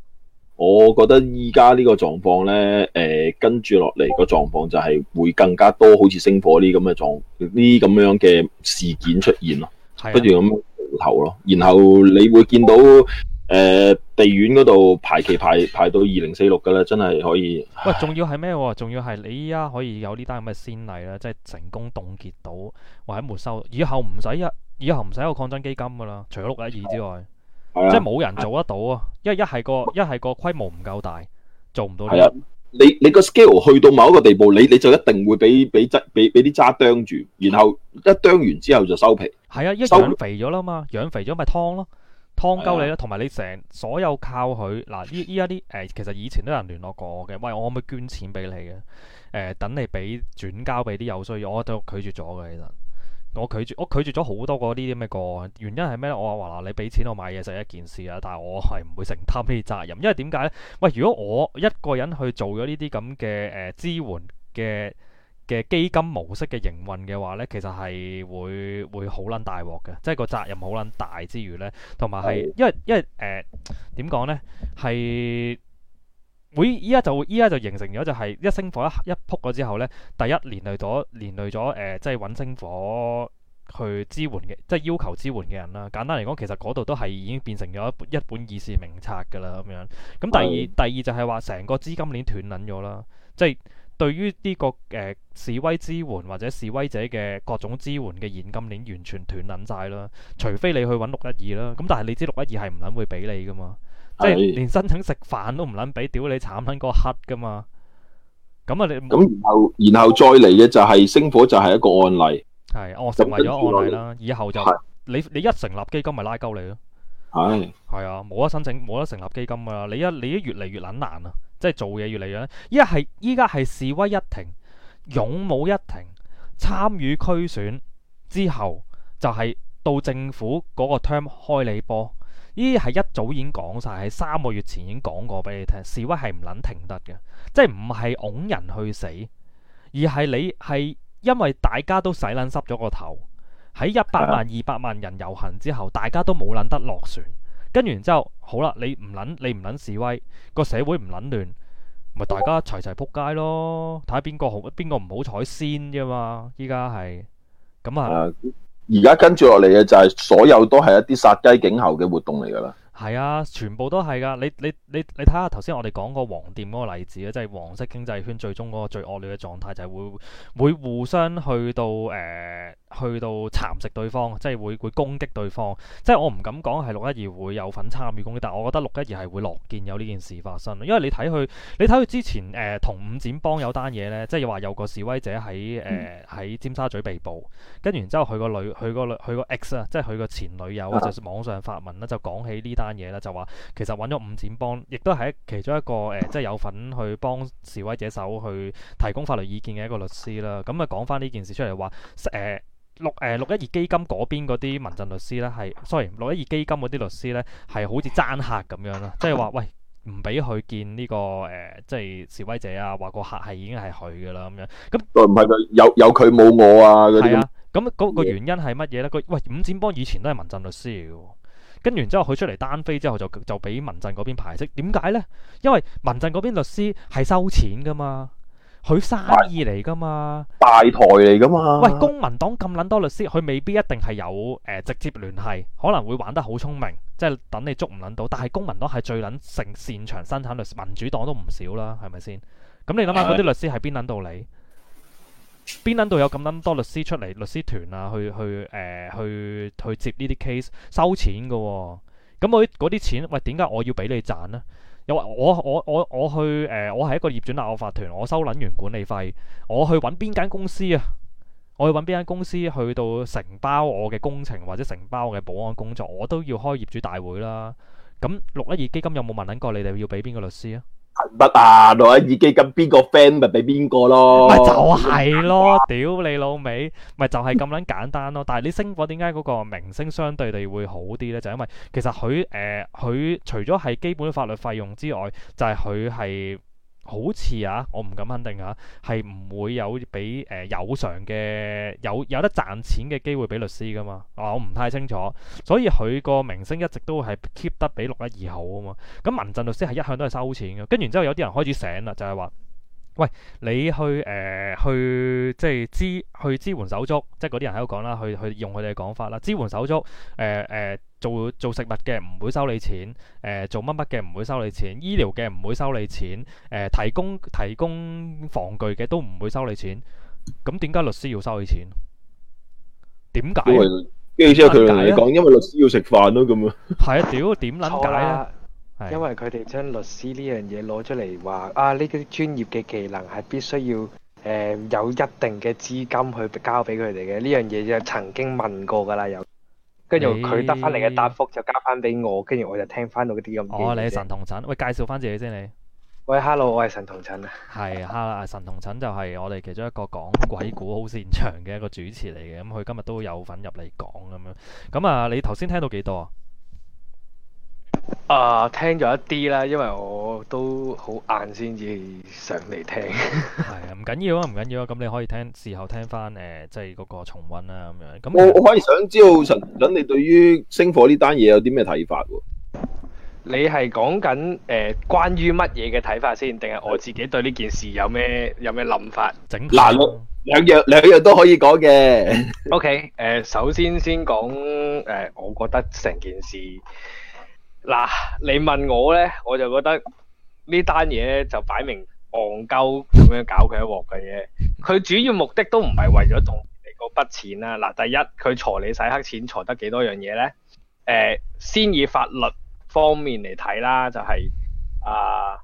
我覺得依家呢個狀況呢，誒跟住落嚟個狀況就係會更加多好似星火呢啲咁嘅狀呢咁樣嘅事件出現咯。不如咁投咯，然後你會見到誒、呃、地院嗰度排期排排到二零四六㗎喇，真係可以。喂，仲要係咩？仲要係你依家，可以有呢單咁嘅先例啦，即係成功凍結到，或者沒收，以後唔使一，以後唔使有抗爭基金噶啦，除咗六一二之外，的即係冇人做得到啊，的因為一係個一係個規模唔夠大，做唔到、這個。呢。你你個 scale 去到某一個地步，你你就一定會俾俾俾俾啲渣啄住，然後一啄完之後就收皮。係啊，一養肥咗啦嘛，養肥咗咪劏咯，劏鳩你咯。同埋是、啊、你成所有靠佢嗱，依依家啲誒，其實以前都有人聯絡過我嘅，喂，我可唔可以捐錢俾你嘅？誒、呃，等你俾轉交俾啲有需要，我都拒絕咗嘅，其實。我拒絕，我拒絕咗好多個呢啲咁嘅個案，原因係咩咧？我話話，嗱，你俾錢我買嘢就係一件事啊，但係我係唔會承擔呢啲責任，因為點解咧？喂，如果我一個人去做咗呢啲咁嘅誒支援嘅嘅基金模式嘅營運嘅話咧，其實係會會好撚大鑊嘅，即係個責任好撚大之餘咧，同埋係因為因為誒點講咧，係、呃。會依家就依家就形成咗就係一星火一一撲咗之後呢，第一連累咗連累咗誒、呃，即係揾星火去支援嘅，即係要求支援嘅人啦。簡單嚟講，其實嗰度都係已經變成咗一本一本議事名冊噶啦咁樣。咁第二第二就係話成個資金鏈斷撚咗啦，即係對於呢、這個誒、呃、示威支援或者示威者嘅各種支援嘅現金鏈完全斷撚晒啦。除非你去揾六一二啦，咁但係你知六一二係唔撚會俾你噶嘛？即係連申請食飯都唔捻俾，屌你產品個黑噶嘛！咁啊，你咁然後然後再嚟嘅就係、是、星火，就係一個案例。係哦，我成為咗案例啦。以後就是你你一成立基金咪拉鳩你咯。係係啊，冇得申請，冇得成立基金噶啦。你一你一越嚟越捻難啊！即係做嘢越嚟越，依家係依家係示威一停，勇武一停，參與區選之後就係、是、到政府嗰個 term 開你波。呢係一早已經講晒，喺三個月前已經講過俾你聽，示威係唔捻停得嘅，即係唔係㧬人去死，而係你係因為大家都洗捻濕咗個頭，喺一百萬、啊、二百萬人遊行之後，大家都冇捻得落船，跟完之後，好啦，你唔捻，你唔捻示威，個社會唔捻亂，咪大家齊齊撲街咯，睇下邊個好，邊個唔好彩先啫嘛，依家係咁啊。啊而家跟住落嚟嘅就係所有都係一啲殺雞儆猴嘅活動嚟噶啦，係啊，全部都係噶。你你你你睇下頭先我哋講過黃店嗰個例子咧，即係黃色經濟圈最終嗰個最惡劣嘅狀態就係會會互相去到誒。呃去到蠶食對方，即係會會攻擊對方，即係我唔敢講係六一二會有份參與攻擊，但係我覺得六一二係會樂見有呢件事發生，因為你睇佢，你睇佢之前誒同、呃、五展幫有單嘢咧，即係話有個示威者喺誒喺尖沙咀被捕，跟住然之後佢個女，佢個佢個 ex 啊，即係佢個前女友或者、就是、網上發文啦，就講起呢單嘢啦，就話其實揾咗五展幫，亦都係其中一個誒、呃，即係有份去幫示威者手去提供法律意見嘅一個律師啦。咁啊講翻呢件事出嚟話誒。六誒六一二基金嗰邊嗰啲民陣律師咧，係，sorry，六一二基金嗰啲律師咧，係好似爭客咁樣啦，即係話，喂，唔俾佢見呢、這個誒、呃，即係示威者啊，話個客係已經係佢噶啦，咁樣，咁，唔係佢有有佢冇我啊，係啊，咁嗰個原因係乜嘢咧？佢，喂，五展幫以前都係民陣律師，跟完之後佢出嚟單飛之後就就俾民陣嗰邊排斥，點解咧？因為民陣嗰邊律師係收錢噶嘛。佢生意嚟噶嘛，大台嚟噶嘛。喂，公民黨咁捻多律師，佢未必一定係有誒、呃、直接聯繫，可能會玩得好聰明，即係等你捉唔捻到。但係公民黨係最捻成擅長生產律師，民主黨都唔少啦，係咪先？咁你諗下嗰啲律師係邊捻度嚟？邊捻度有咁捻多律師出嚟律師團啊？去去誒，去、呃、去，去接呢啲 case 收錢噶、哦？咁嗰嗰啲錢，喂，點解我要俾你賺呢？因我我我我去誒、呃，我係一個業主立案法團，我收捻完管理費，我去搵邊間公司啊？我去搵邊間公司去到承包我嘅工程或者承包我嘅保安工作，我都要開業主大會啦。咁六一二基金有冇問緊過你哋要俾邊個律師啊？得啊，我耳機跟邊個 friend 咪俾邊個咯，咪就係咯， [laughs] 屌你老味，咪就係咁撚簡單咯。但係你星火點解嗰個明星相對地會好啲咧？就係、因為其實佢誒佢除咗係基本法律費用之外，就係佢係。好似啊，我唔敢肯定啊，係唔會有俾誒、呃、有償嘅有有得賺錢嘅機會俾律師噶嘛啊，我唔太清楚，所以佢個名聲一直都係 keep 得比六一二好啊嘛。咁民陣律師係一向都係收錢嘅，跟住然之後有啲人開始醒啦，就係、是、話。喂，你去誒去即係支去支援手足，即係嗰啲人喺度講啦，去去用佢哋嘅講法啦。支援手足，誒誒做做食物嘅唔會收你錢，誒做乜乜嘅唔會收你錢，醫療嘅唔會收你錢，誒提供提供防具嘅都唔會收你錢。咁點解律師要收你錢？點解啊？即係即係佢哋講，因為律師要食飯咯，咁啊。係啊，屌點撚解啊？是因為佢哋將律師呢樣嘢攞出嚟話啊，呢啲專業嘅技能係必須要誒、呃、有一定嘅資金去交俾佢哋嘅。呢樣嘢就曾經問過噶啦又，跟住佢得翻嚟嘅答覆就交翻俾我，跟住我就聽翻到啲咁。哦，oh, 你係神同診，喂，介紹翻自己先你。喂，Hello，我係神同診啊。係，哈，神同診就係我哋其中一個講鬼故好擅長嘅一個主持嚟嘅，咁、嗯、佢今日都有份入嚟講咁樣。咁啊，你頭先聽到幾多？啊，uh, 聽咗一啲啦，因為我都好晏先至上嚟聽。係、 [laughs] 哎、啊，唔緊要啊，唔緊要啊，咁你可以聽事後聽翻誒、呃，即係嗰個重溫啦咁樣。咁我我可以想知道陳總，嗯、你對於星火呢單嘢有啲咩睇法、啊？你係講緊誒關於乜嘢嘅睇法先，定係我自己對呢件事有咩有咩諗法整體？嗱、啊，兩樣兩樣都可以講嘅。O K，誒，首先先講誒、呃，我覺得成件事。嗱、啊，你問我咧，我就覺得呢單嘢就擺明戇鳩咁樣搞佢一鑊嘅嘢。佢主要目的都唔係為咗動你嗰筆錢啦。嗱、啊，第一佢財你洗黑錢，財得幾多樣嘢咧？誒、呃，先以法律方面嚟睇啦，就係、是、啊。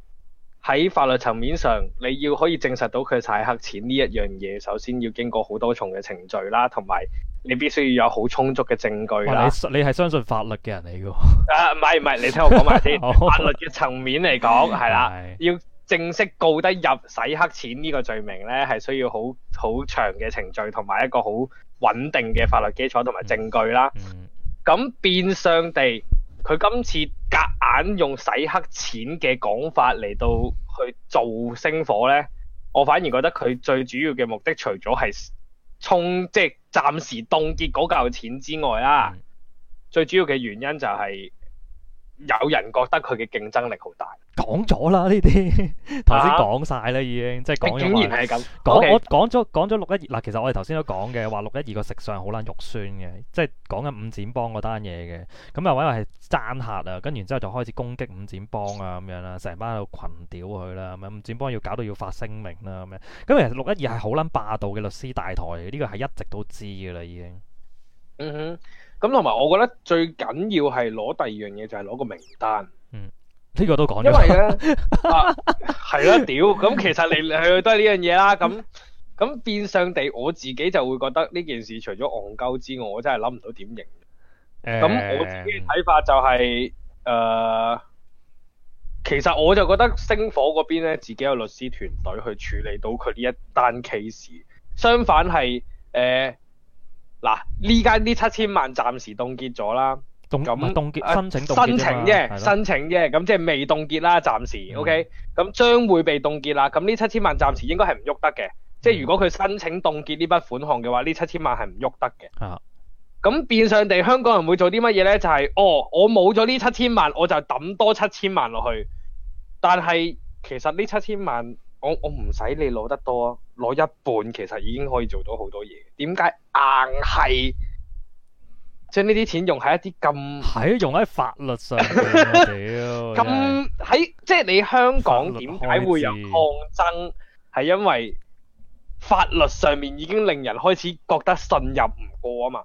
喺法律層面上，你要可以證實到佢洗黑錢呢一樣嘢，首先要經過好多重嘅程序啦，同埋你必須要有好充足嘅證據啦、哦。你你係相信法律嘅人嚟㗎？啊，唔係唔係，你聽我講埋先。 [laughs] 好法律嘅層面嚟講，係啦對，的要正式告得入洗黑錢呢個罪名咧，係需要好好長嘅程序，同埋一個好穩定嘅法律基礎同埋證據啦。咁、嗯嗯、變相地，佢今次。隔硬用洗黑錢嘅講法嚟到去做星火咧，我反而覺得佢最主要嘅目的除，除咗係充即係暫時凍結嗰嚿錢之外啦，嗯、最主要嘅原因就係有人覺得佢嘅競爭力好大。講咗啦，呢啲頭先講晒啦，已經、啊、即係講咗話。然係咁講 Okay.。講我講咗講咗六一二嗱，其實我哋頭先都講嘅，話六一二個食相好撚肉酸嘅，即係講緊五展幫嗰單嘢嘅。咁又話係爭客啊，跟住之後就開始攻擊五展幫啊，咁樣啦，成班喺度群屌佢啦，咁五展幫要搞到要發聲明啦，咁樣。咁其實六一二係好撚霸道嘅律師大台，呢個係一直都知嘅啦，已經。嗯哼，咁同埋我覺得最緊要係攞第二樣嘢，就係攞個名單。嗯。呢個都講咗，因為咧、啊，係咯、 [laughs] 啊啊，屌，咁其實你去都係呢樣嘢啦。咁咁變相地，我自己就會覺得呢件事除咗戇鳩之外，我真係諗唔到點贏。咁、嗯、我自己嘅睇法就係、是、誒、呃，其實我就覺得星火嗰邊咧，自己有律師團隊去處理到佢呢一單 case。相反係誒，嗱、呃，呢家呢七千萬暫時凍結咗啦。咁凍結申請結申請啫，的申請啫，咁即係未凍結啦，暫時、嗯、，OK，咁將會被凍結啦，咁呢七千萬暫時應該係唔喐得嘅，嗯、即係如果佢申請凍結呢筆款項嘅話，呢七千萬係唔喐得嘅。啊、嗯，咁變相地，香港人會做啲乜嘢呢？就係、是、哦，我冇咗呢七千萬，我就抌多七千萬落去，但係其實呢七千萬，我我唔使你攞得多，攞一半其實已經可以做到好多嘢。點解硬係？將呢啲錢用喺一啲咁係用喺法律上，咁喺，即係你香港點解會有抗爭？係因為法律上面已經令人開始覺得信任唔過啊嘛。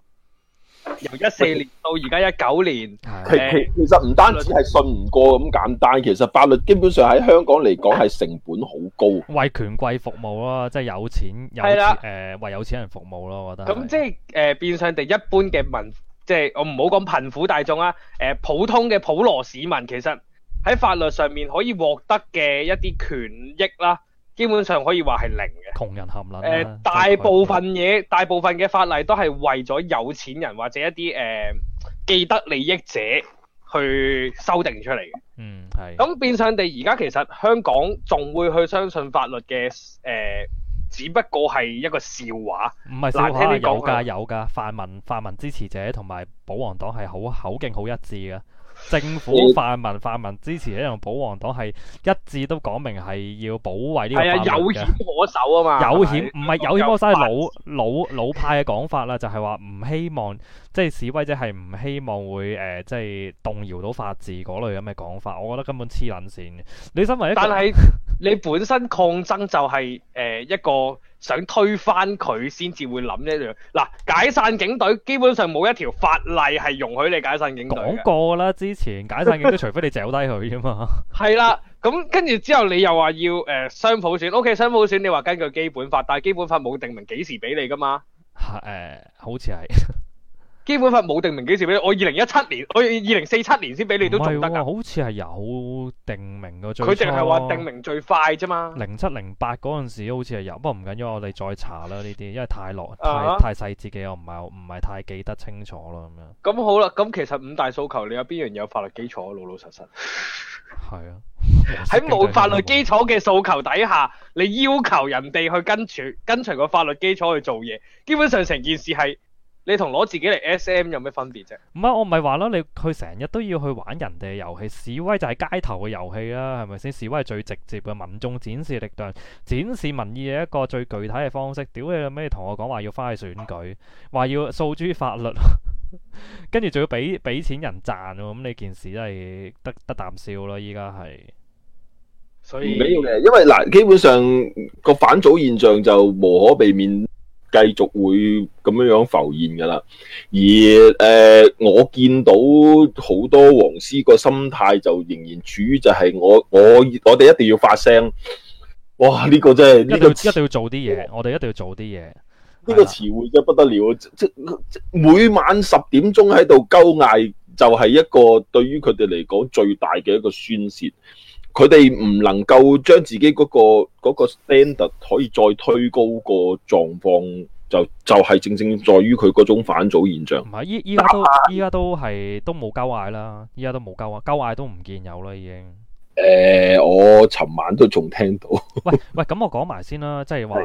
由一四年到而家一九年，其其其實唔單止係信唔過咁簡單，其實法律基本上喺香港嚟講係成本好高，為權貴服務咯，即係有錢人係啦，誒為有錢人服務咯。我覺得咁即係誒，變相地一般嘅民。即係我唔好講貧苦大眾啦，誒、呃、普通嘅普羅市民其實喺法律上面可以獲得嘅一啲權益啦，基本上可以話係零嘅。窮人冚啦、啊。誒、呃，大部分嘢，大部分嘅法例都係為咗有錢人或者一啲誒、呃、既得利益者去修訂出嚟嘅。嗯，係。咁變相地，而家其實香港仲會去相信法律嘅誒？呃只不過係一個笑話，唔係笑話，係講㗎有㗎，有㗎泛民、泛民支持者同埋保皇黨係好口徑好一致嘅。政府泛民泛民支持者同保皇黨係一致，都講明係要保衛呢個法律，啊、有險可守啊嘛，有險唔係有險可守。晒法老老老派嘅講法啦，就係話唔希望即係、就是、示威者係唔希望會誒即係動搖到法治嗰類咁嘅講法，我覺得根本黐捻線，你身為一但係你本身抗爭就係誒一個。 [laughs] 想推翻佢先至會諗呢樣。嗱，解散警隊基本上冇一條法例係容許你解散警隊嘅。講過啦，之前解散警隊，除非你走低佢啫嘛。 [laughs] 係啦，咁跟住之後你又話要誒雙普選，O K 雙普選，okay，雙普選你話根據基本法，但係基本法冇定明幾時俾你噶嘛。誒、啊呃，好似係。 [laughs] 基本法冇定明幾時俾你我，二零一七年，我二零四七年先俾你都仲得㗎，好似係有定明個最佢淨係話定明最快啫嘛。零七零八嗰陣時好似係有，不過唔緊要，我哋再查啦呢啲，因為太耐，太太細節嘅我唔係唔係太記得清楚咯咁樣。咁、嗯、好啦，咁其實五大訴求你有邊樣有，有法律基礎？老老實實係 [laughs] 是啊，喺 [laughs] 冇 [laughs] 法律基礎嘅訴求底下，你要求人哋去跟隨跟隨個法律基礎去做嘢，基本上成件事係。你同攞自己嚟 SM 有咩分別啫？唔係，我唔係話咯，你佢成日都要去玩人哋嘅遊戲，示威就係街頭嘅遊戲啦，係咪先？示威係最直接嘅民眾展示力量、展示民意嘅一個最具體嘅方式。屌你有咩同我講話要翻去選舉，話要訴諸法律，跟住仲要俾俾錢人賺喎。咁呢件事真係得得啖笑咯，依家係。所以唔緊要嘅，因為嗱，基本上個反組現象就無可避免。繼續會咁樣樣浮現㗎啦。而誒、呃，我見到好多黃絲個心態就仍然處於就係我我我哋一定要發聲。哇！呢個真係呢個一定要做啲嘢，我哋一定要做啲嘢。呢個詞彙就不得了，的即係每晚十點鐘喺度鳩嗌，就係一個對於佢哋嚟講最大嘅一個宣泄。佢哋唔能夠將自己嗰個嗰個 standard 可以再推高個狀況，就就係正正在於佢嗰種反祖現象。唔係，依依家都依家但都係都冇交嗌啦，依家都冇交嗌，交嗌都唔見有啦，已經。誒、呃，我尋晚都仲聽到，喂喂，咁我講埋先啦，即係話誒誒，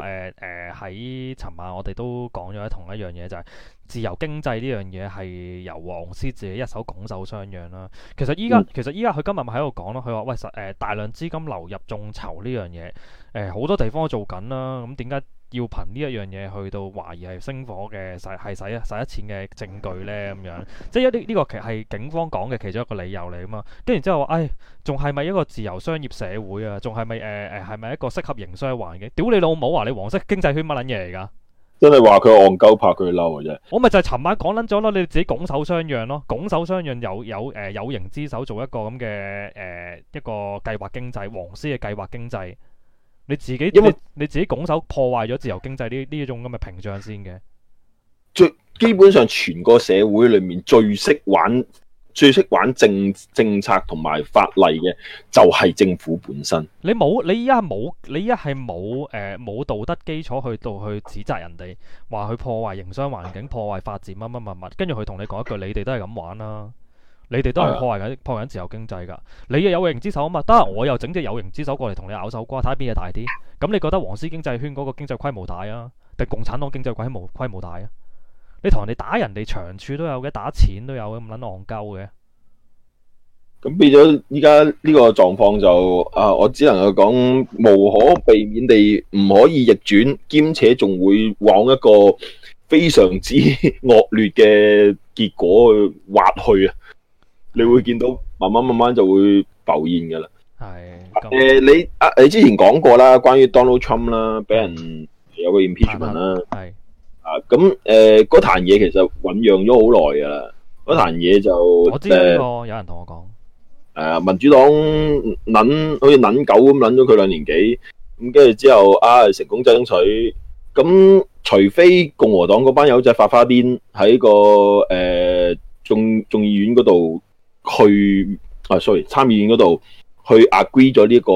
喺尋是、呃、晚我哋都講咗同一樣嘢，就係、是、自由經濟呢樣嘢係由黃絲自己一手拱手相讓啦。其實依家、嗯、其實依家佢今日咪喺度講咯，佢話喂實誒、呃、大量資金流入眾籌呢樣嘢，誒、呃、好多地方都做緊啦，咁點解？要憑呢一樣嘢去到懷疑係星火嘅使係使啊使一錢嘅證據咧咁樣，即係一呢呢個其係警方講嘅其中一個理由嚟啊嘛，跟然之後話，唉、哎，仲係咪一個自由商業社會啊？仲係咪誒誒係咪一個適合營商嘅環境？屌你老母、啊，冇話你黃色經濟圈乜撚嘢嚟㗎？真係話佢戇鳩拍佢嬲嘅啫，我咪就係尋晚講撚咗咯，你自己拱手相讓咯，拱手相讓有有誒、呃、有形之手做一個咁嘅誒一個計劃經濟，黃絲嘅計劃經濟。你自己，因為你自己拱手破壞咗自由經濟呢呢一種咁嘅屏障先嘅。最基本上，全個社會裏面最識玩、最識玩政政策同埋法例嘅就係政府本身。你冇你依家冇你依家係冇誒冇道德基礎去到去，去指責人哋話佢破壞營商環境、破壞發展乜乜乜物，跟住佢同你講一句，你哋都係咁玩啦。你哋都係破壞緊破壞緊自由經濟噶。你嘅有形之手啊嘛，得我又整隻有形之手過嚟同你咬手瓜，睇下邊嘢大啲。咁你覺得黃絲經濟圈嗰個經濟規模大啊，定共產黨經濟規模規模大啊？你同人哋打人哋長處都有嘅，打錢都有嘅，咁捻戇鳩嘅。咁變咗依家呢個狀況就啊，我只能夠講無可避免地唔可以逆轉，兼且仲會往一個非常之惡劣嘅結果去滑去啊！你會見到慢慢慢慢就會浮現噶啦。係的。誒、呃，你啊，你之前講過啦，關於 Donald Trump 啦，俾人有個 impeachment 啦。係。啊，咁誒，嗰壇嘢其實醞釀咗好耐噶啦。嗰壇嘢就的、呃、我知喎，有人同我講。誒、呃，民主黨捻好似捻狗咁捻咗佢兩年幾，咁跟住之後啊，成功爭取。咁除非共和黨嗰班友仔發花癲喺個誒眾眾議院嗰度。去啊，sorry，參議院嗰度去 agree 咗呢一個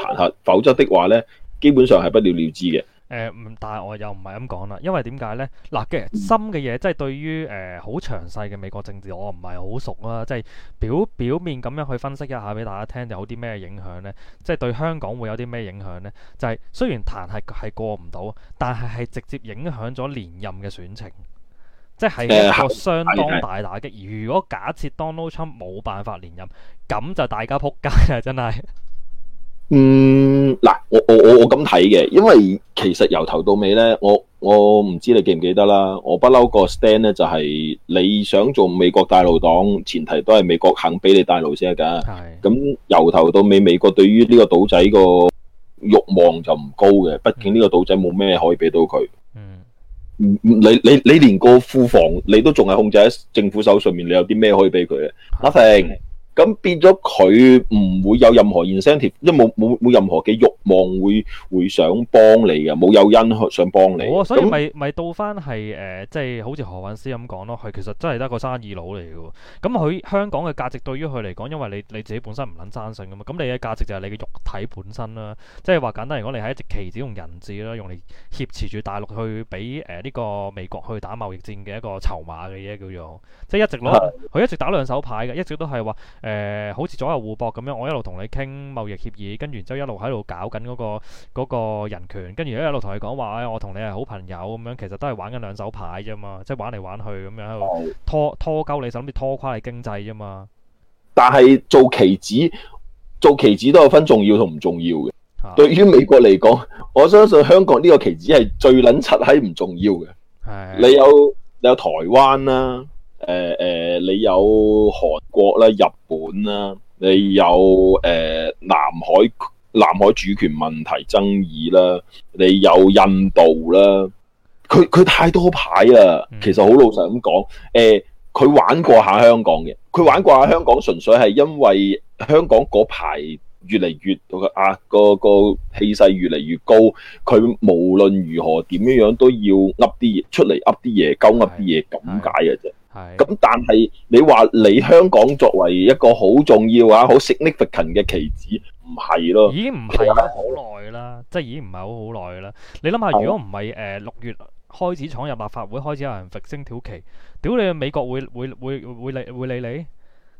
彈劾，否則的話呢，基本上係不了了之嘅。誒，唔但係我又唔係咁講啦，因為點解呢？嗱，其實深嘅嘢，即係對於誒好詳細嘅美國政治，我唔係好熟啦。即係表表面咁樣去分析一下俾大家聽，有啲咩影響呢？即係對香港會有啲咩影響呢？就係雖然彈劾係過唔到，但係係直接影響咗連任嘅選情。即係一個相當大打擊。嗯、如果假設 Donald Trump 冇辦法連任，咁就大家撲街啊！真係。嗯，嗱，我我我我咁睇嘅，因為其實由頭到尾咧，我我唔知你記唔記得啦。我不嬲個 stand 咧，就係，就係你想做美國帶路黨，前提都係美國肯俾你帶路先得噶。係。咁由頭到尾，美國對於呢個島仔個慾望就唔高嘅，畢竟呢個島仔冇咩可以俾到佢。你你你連個庫房你都仲係控制喺政府手上面，你有啲咩可以俾佢啊？阿成。咁變咗佢唔會有任何 incentive，即係冇冇冇任何嘅慾望會會想幫你嘅，冇有因想幫你。嗯、所以咪咪到翻係誒，即、呃、係、就是、好似何韻詩咁講咯，係其實真係得個生意佬嚟嘅喎。咁佢香港嘅價值對於佢嚟講，因為你你自己本身唔撚爭信嘅嘛，咁你嘅價值就係你嘅肉體本身啦。即係話簡單，嚟講你係一隻棋子用人質啦，用嚟挾持住大陸去俾誒呢個美國去打貿易戰嘅一個籌碼嘅嘢叫做，即、就、係、是、一直攞，佢 [laughs] 一直打兩手牌嘅，一直都係話。誒、呃，好似左右互搏咁樣，我一路同你傾貿易協議，跟住然之後一路喺度搞緊嗰個嗰個人權，跟住一路同你講話，誒、哎，我同你係好朋友咁樣，其實都係玩緊兩手牌啫嘛，即係玩嚟玩去咁樣喺度拖拖鳩你，手，諗住拖垮你經濟啫嘛？但係做棋子，做棋子都有分重要同唔重要嘅。啊、對於美國嚟講，我相信香港呢個棋子係最撚柒係唔重要嘅。的你有你有台灣啦、啊。誒誒、呃，你有韓國啦、日本啦，你有誒、呃、南海南海主權問題爭議啦，你有印度啦，佢佢太多牌啦。其實好老實咁講，誒、呃，佢玩過下香港嘅，佢玩過下香港，純粹係因為香港嗰排越嚟越啊個個氣勢越嚟越高，佢無論如何點樣樣都要噏啲嘢出嚟，噏啲嘢鳩，噏啲嘢咁解嘅啫。咁但係你話你香港作為一個好重要啊、好 significant 嘅棋子，唔係咯？已經唔係啦，好耐啦，即係已經唔係好好耐噶啦。你諗下，如果唔係誒六月開始闖入立法會，開始有人復升星條旗，屌你去美國會會會會理會理你？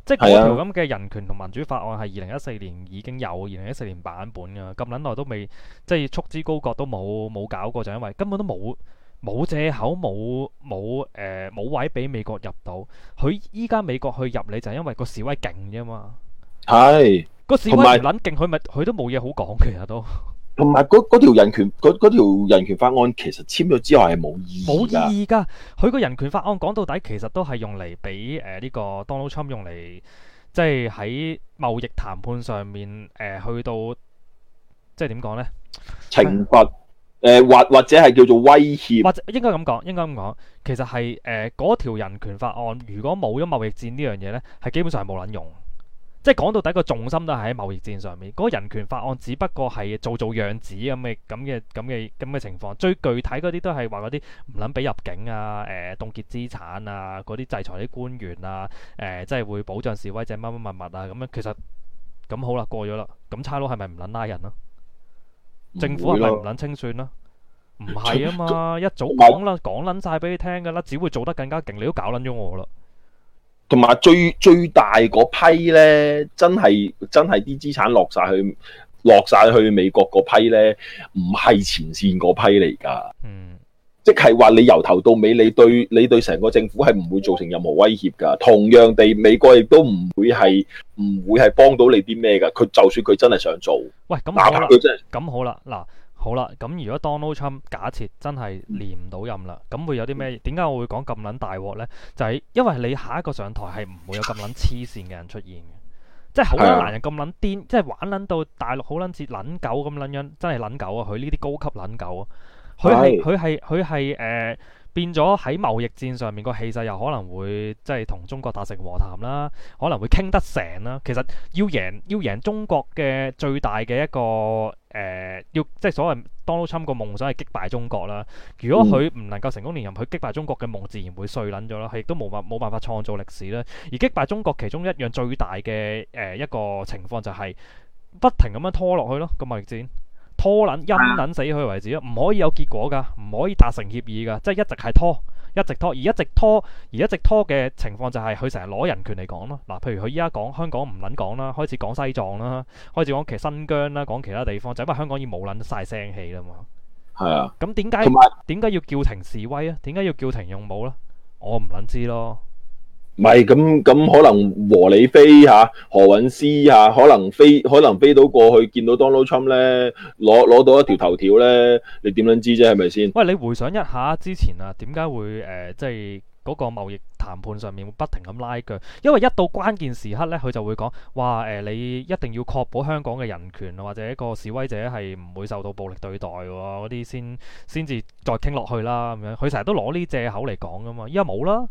即係呢條咁嘅人權同民主法案係二零一四年已經有二零一四年版本噶，咁捻耐都未，即係束之高閣都冇冇搞過，就因為根本都冇。冇借口，冇冇誒，冇、呃、位俾美國入到。佢依家美國去入你，就係因為個示威勁啫嘛。係的。個示威唔撚勁，佢咪佢都冇嘢好講。其實都。同埋嗰嗰條人權條人權法案，其實簽咗之後係冇意義。冇意義噶，佢個人權法案講到底，其實都係用嚟俾誒呢個 Donald Trump 用嚟，即係喺貿易談判上面誒、呃、去到，即係點講呢？懲罰、呃。呃誒、呃，或或者係叫做威脅，或者應該咁講，應該咁講，其實係誒嗰條人權法案，如果冇咗貿易戰呢樣嘢呢，係基本上係冇撚用，即係講到底個重心都係喺貿易戰上面，嗰個人權法案只不過係做做樣子咁嘅咁嘅咁嘅咁嘅情況，最具體嗰啲都係話嗰啲唔撚俾入境啊，誒、呃、凍結資產啊，嗰啲制裁啲官員啊，誒、呃、即係會保障示威者乜乜物物啊，咁樣其實咁好啦，過咗啦，咁差佬係咪唔撚拉人咯？政府係咪唔捻清算啦？唔係啊嘛，就一早講啦，講捻晒俾你聽噶啦，只會做得更加勁，你都搞捻咗我啦。同埋最最大嗰批呢，真係真係啲資產落晒去，落晒去美國嗰批呢，唔係前線嗰批嚟噶。嗯。即係話你由頭到尾，你對你對成個政府係唔會造成任何威脅㗎。同樣地，美國亦都唔會係唔會係幫到你啲咩㗎。佢就算佢真係想做，喂咁咁好啦。嗱好啦，咁、啊、如果 Donald Trump 假設真係連唔到任啦，咁會有啲咩？點解我會講咁撚大鑊呢？就係、是、因為你下一個上台係唔會有咁撚黐線嘅人出現嘅。即係好多男人咁撚癲，即係 [laughs] 玩撚到大陸好撚似撚狗咁撚樣，真係撚狗啊！佢呢啲高級撚狗啊！佢係佢係佢係誒變咗喺貿易戰上面個氣勢又可能會即係同中國達成和談啦，可能會傾得成啦。其實要贏要贏中國嘅最大嘅一個誒、呃，要即係所謂 Donald Trump 個夢想係擊敗中國啦。如果佢唔能夠成功連任，佢擊敗中國嘅夢自然會碎撚咗啦。佢亦都冇法冇辦法創造歷史啦。而擊敗中國其中一樣最大嘅誒一個情況就係不停咁樣拖落去咯，個貿易戰。拖撚陰撚死佢為止咯，唔可以有結果噶，唔可以達成協議噶，即係一直係拖，一直拖，而一直拖而一直拖嘅情況就係佢成日攞人權嚟講咯。嗱，譬如佢依家講香港唔撚講啦，開始講西藏啦，開始講其新疆啦，講其他地方就因為香港已經冇撚晒聲氣啦嘛。係啊。咁點解點解要叫停示威啊？點解要叫停用武呢？我唔撚知咯。唔係咁咁，可能和理非嚇何韻詩嚇，可能飛可能飛到過去見到 Donald Trump 咧，攞攞到一條頭條咧，你點樣知啫？係咪先？喂，你回想一下之前啊，點解會誒即係嗰個貿易談判上面會不停咁拉鋸？因為一到關鍵時刻咧，佢就會講，嘩誒，你一定要確保香港嘅人權或者個示威者係唔會受到暴力對待喎，嗰啲先先至再傾落去啦咁樣。佢成日都攞呢藉口嚟講噶嘛，依家冇啦。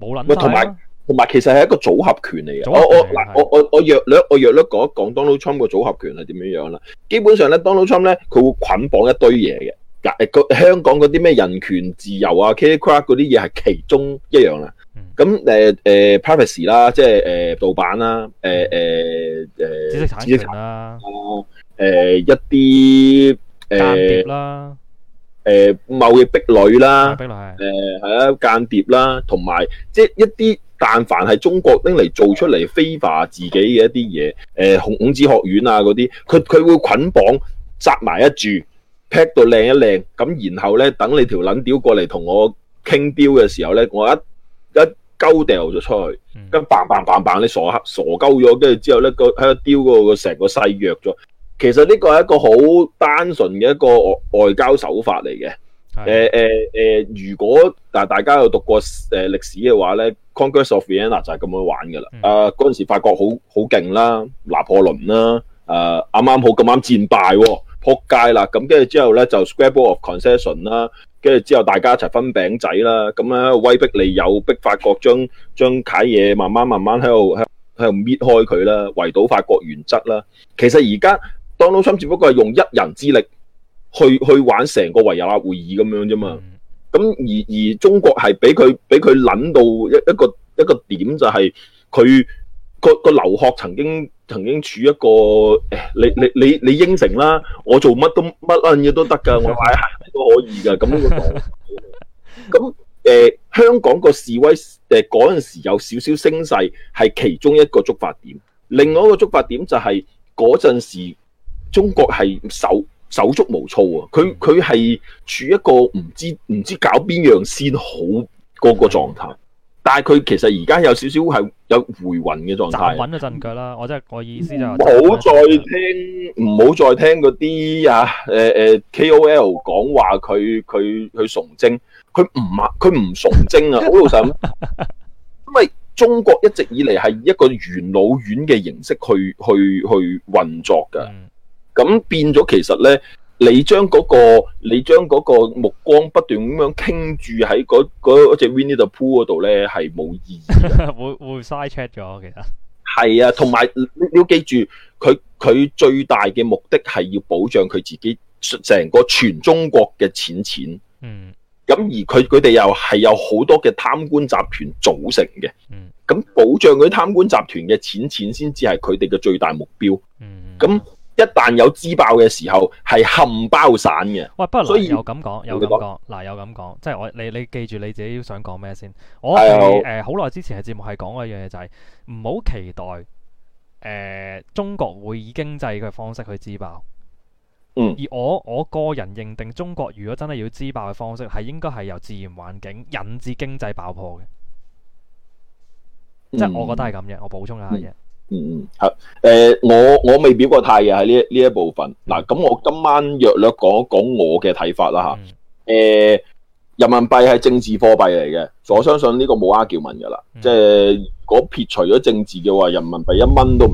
冇撚同埋同埋，其實係一個組合拳嚟嘅。我我嗱我我約我約略我約略講一講 Donald Trump 個組合拳係點樣樣啦。基本上咧，Donald Trump 咧，佢會捆綁一堆嘢嘅。嗱誒，香港嗰啲咩人權自由啊，Kerak 嗰啲嘢係其中一樣啦。咁誒誒，Piracy 啦，即係誒、呃、盜版啦、啊，誒誒誒，呃、知識產權啦、啊，誒、呃、一啲誒。呃誒，貿、呃、易壁壘啦，誒係啊，間諜啦，同埋、呃、即係一啲但凡係中國拎嚟做出嚟非法自己嘅一啲嘢，誒、呃、孔，孔子學院啊嗰啲，佢佢會捆綁紮埋一住，劈到靚一靚，咁然後咧等你條撚屌過嚟同我傾屌嘅時候咧，我一一鳩掉咗出去，跟嘭嘭嘭嘭你傻傻鳩咗，跟住之後咧個喺度屌個個成個細弱咗。其實呢個係一個好單純嘅一個外交手法嚟嘅。誒誒誒，如果但大家有讀過誒、呃、歷史嘅話咧，Congress of Vienna 就係咁樣玩㗎啦。啊的，嗰陣、呃、時法國好好勁啦，拿破崙啦，啊啱啱好咁啱戰敗喎，撲街啦。咁跟住之後咧就 Scrabble of Concession 啦，跟住之後大家一齊分餅仔啦。咁咧威逼利、利誘逼法國將將啀嘢慢慢慢慢喺度喺度搣開佢啦，圍堵法國原則啦。其實而家。Donald Trump 只不過係用一人之力去去玩成個維也納會議咁樣啫嘛。咁、嗯、而而中國係俾佢俾佢諗到一一個一個點就，就係佢個個留學曾經曾經處一個誒，你你你你應承啦，我做乜都乜撚嘢都得㗎，我話係都可以㗎。咁 [laughs] 樣講咁誒，香港個示威誒嗰陣時有少少聲勢係其中一個觸發點，另外一個觸發點就係嗰陣時。中國係手手足無措啊！佢佢係處一個唔知唔知搞邊樣先好個個狀態。但係佢其實而家有少少係有回魂嘅狀態，穩咗陣腳啦。我真、就、係、是、我意思就唔好再聽唔好再聽嗰啲啊！誒、呃、誒、呃、K O L 講話佢佢佢崇禎，佢唔佢唔崇禎啊！好 [laughs] 老實咁，因為中國一直以嚟係一個元老院嘅形式去去去，去運作嘅。嗯咁變咗，其實咧，你將嗰、那個你將嗰目光不斷咁樣傾住喺嗰嗰隻 Winnie the Pooh 度咧，係冇意義嘅， [laughs] 會會嘥 check 咗。其實係啊，同埋你要記住，佢佢最大嘅目的係要保障佢自己成個全中國嘅錢錢。嗯，咁而佢佢哋又係有好多嘅貪官集團組成嘅。嗯，咁保障嗰貪官集團嘅錢錢先至係佢哋嘅最大目標。嗯，咁、嗯。一旦有支爆嘅時候，係冚包散嘅。喂以，不過又咁講，又咁講，嗱，有咁講， [music] 即係我你你記住你自己想講咩先。我係誒好耐之、呃、前嘅節目係講過一樣嘢就係唔好期待誒、呃、中國會以經濟嘅方式去自爆。嗯、而我我個人認定中國如果真係要自爆嘅方式，係應該係由自然環境、引致經濟爆破嘅。即係、嗯、我覺得係咁嘅，我補充一下嘢。嗯嗯，係誒、呃，我我未表過態啊喺呢呢一部分嗱，咁、啊、我今晚約略講一講我嘅睇法啦吓。誒、啊呃，人民幣係政治貨幣嚟嘅，我相信呢個冇阿叫問噶啦，嗯、即係如果撇除咗政治嘅話，人民幣一蚊都。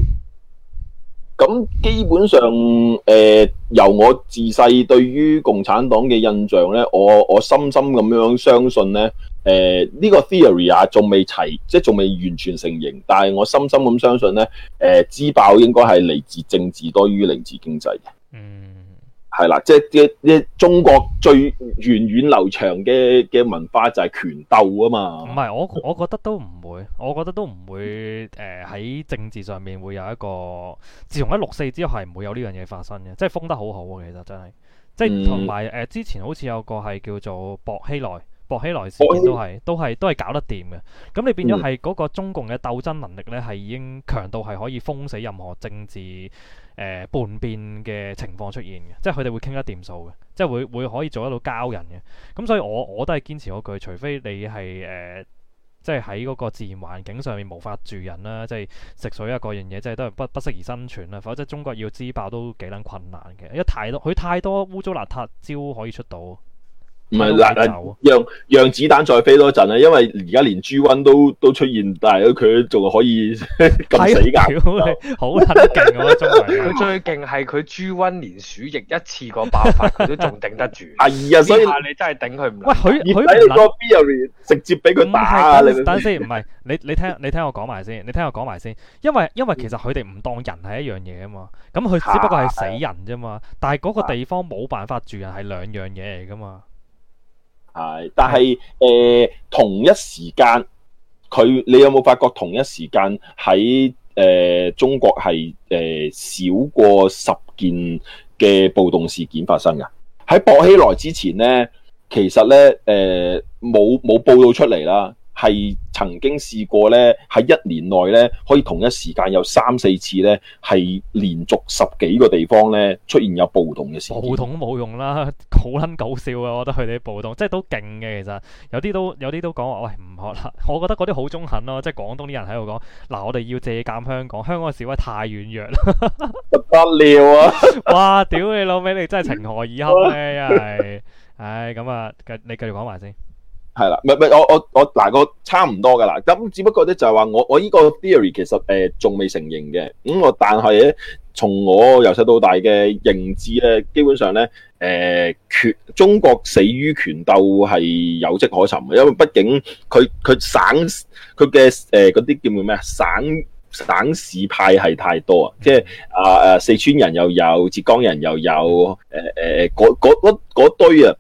咁基本上，誒，由我自細對於共產黨嘅印象咧，我我深深咁樣相信咧，誒，呢個 theory 啊，仲未齊，即係仲未完全成型，但係我深深咁相信咧，誒，支爆應該係嚟自政治多於嚟自經濟嘅。嗯。係啦，即係中國最源遠流長嘅嘅文化就係權鬥啊嘛。唔係，我我覺得都唔會，我覺得都唔會誒喺、呃、政治上面會有一個。自從一六四之後係唔會有呢樣嘢發生嘅，即係封得好好啊。其實真係，即係同埋誒之前好似有個係叫做薄熙來，薄熙來事件都係都係都係搞得掂嘅。咁你變咗係嗰個中共嘅鬥爭能力呢，係已經強到係可以封死任何政治，誒、呃、叛變嘅情況出現嘅，即係佢哋會傾得掂數嘅，即係會會可以做得到交人嘅。咁所以我我都係堅持嗰句，除非你係誒、呃，即係喺嗰個自然環境上面無法住人啦、啊，即係食水啊嗰樣嘢，即係都係不不適宜生存啦、啊。否則中國要支爆都幾撚困難嘅，因為太多佢太多污糟邋遢招可以出到。唔係嗱，讓讓子彈再飛多陣咧，因為而家連豬瘟都都出現，但係佢仲可以咁 [laughs] 死硬， [laughs] 好勁啊！佢 [laughs] 最勁係佢豬瘟連鼠疫一次過爆發，佢都仲頂得住。係啊，所以你真係頂佢唔。喂，佢佢喺你個 B 入面直接俾佢打啊、嗯！你等先，唔係你你聽你聽我講埋先，你聽我講埋先，因為因為其實佢哋唔當人係一樣嘢啊嘛，咁佢只不過係死人啫嘛，但係嗰個地方冇辦法住人係兩樣嘢嚟噶嘛。係，但係誒、呃、同一時間佢，你有冇發覺同一時間喺誒、呃、中國係誒、呃、少過十件嘅暴動事件發生㗎？喺薄熙來之前咧，其實咧誒，冇冇報道出嚟啦。係曾經試過呢，喺一年內呢，可以同一時間有三四次呢，係連續十幾個地方呢出現有暴動嘅事件。暴動冇用啦，好撚搞笑啊！我覺得佢哋啲暴動，即係都勁嘅。其實有啲都有啲都講話，喂唔學啦！我覺得嗰啲好中肯咯，即係廣東啲人喺度講，嗱，我哋要借鑑香港，香港嘅示威太軟弱啦，不得了啊！哇，屌你老味，你真係情何以堪咧、啊！又、哎、唉，咁啊、 [laughs] 哎，你繼續講埋先。係啦，唔係唔係，我我我嗱，個差唔多噶啦，咁只不過咧，就係話我我呢個 theory 其實誒仲未成形嘅，咁、呃、我、嗯、但係咧從我由細到大嘅認知咧，基本上咧誒、呃、權中國死於權鬥係有迹可尋嘅，因為畢竟佢佢省佢嘅誒嗰啲叫做咩啊省省市派系太多啊，即係啊啊四川人又有浙江人又有誒誒誒嗰堆啊。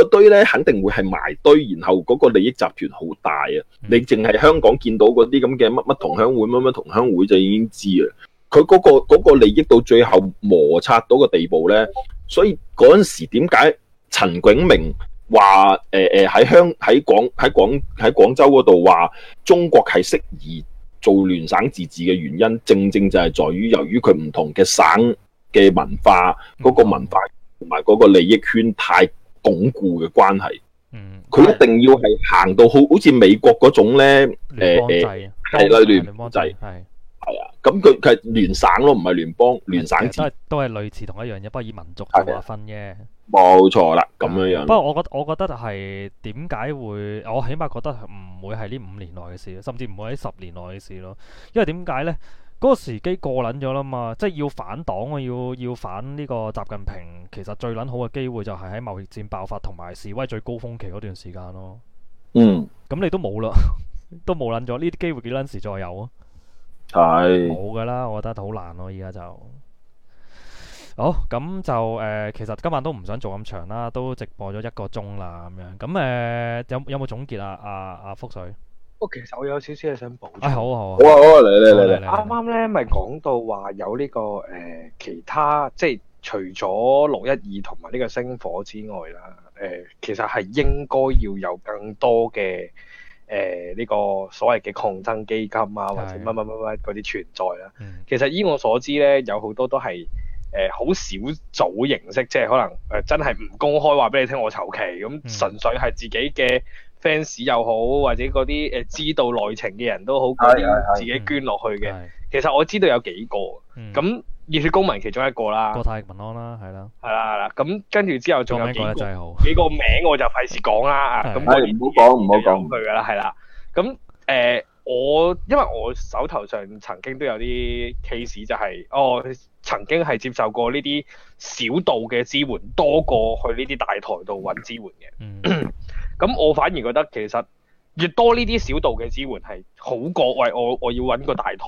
嗰堆咧，肯定會係埋堆，然後嗰個利益集團好大啊。你淨係香港見到嗰啲咁嘅乜乜同鄉會乜乜同鄉會就已經知啦。佢嗰個嗰個利益到最後摩擦到個地步咧，所以嗰陣時點解陳炯明話誒誒喺香喺廣喺廣喺廣州嗰度話中國係適宜做聯省自治嘅原因，正正就係在於由於佢唔同嘅省嘅文化嗰個，嗯，文化同埋嗰個利益圈太。鞏固嘅關係，嗯，佢一定要係行到好好似美國嗰種咧，邦、誒、嗯，係啦聯邦制係，係啊、呃，咁佢係聯省咯，唔係聯邦，聯省都係都係類似同一樣嘢，不過以民族嚟劃分嘅，冇錯啦，咁樣樣。不過我覺我覺得係點解會，我起碼覺得唔會係呢五年內嘅事，甚至唔會喺十年內嘅事咯，因為點解呢？嗰個時機過撚咗啦嘛，即係要反黨啊，要要反呢個習近平。其實最撚好嘅機會就係喺貿易戰爆發同埋示威最高峰期嗰段時間咯、啊。嗯，咁你都冇啦，都冇撚咗。呢啲機會幾撚時再有啊？係冇㗎啦，我覺得好難咯、啊。依家就好咁、哦、就誒、呃，其實今晚都唔想做咁長啦，都直播咗一個鐘啦咁樣。咁誒、呃、有有冇總結啊？阿、啊、阿、啊、福水。不過其實我有少少嘢想補充、哎。好啊好啊，好啊好啊，嚟嚟嚟嚟。啱啱咧咪講到話有呢、呢個誒、呃、其他，即係除咗六一二同埋呢個星火之外啦。誒、呃，其實係應該要有更多嘅誒呢個所謂嘅抗爭基金啊，或者乜乜乜乜嗰啲存在啦。的其實依我所知咧，有好多都係誒好少組形式，即係可能誒真係唔公開話俾你聽我籌期，咁純粹係自己嘅、嗯。Fans 又好，或者嗰啲誒知道內情嘅人都好，佢自己捐落去嘅。係係係其實我知道有幾個，咁熱血公民其中一個啦，國、嗯嗯、泰民安啦，係啦，係啦。咁跟住之後仲有幾個,個, [laughs] 幾個名我就費事講啦啊。咁我唔好講唔好講佢噶啦，係啦。咁誒，我因為我手頭上曾經都有啲 case 就係、係，哦，曾經係接受過呢啲小道嘅支援，多過去呢啲大台度搵支援嘅。 [laughs] 咁我、嗯、反而覺得其實越多呢啲小道嘅支援係好過，我我我要揾個大台。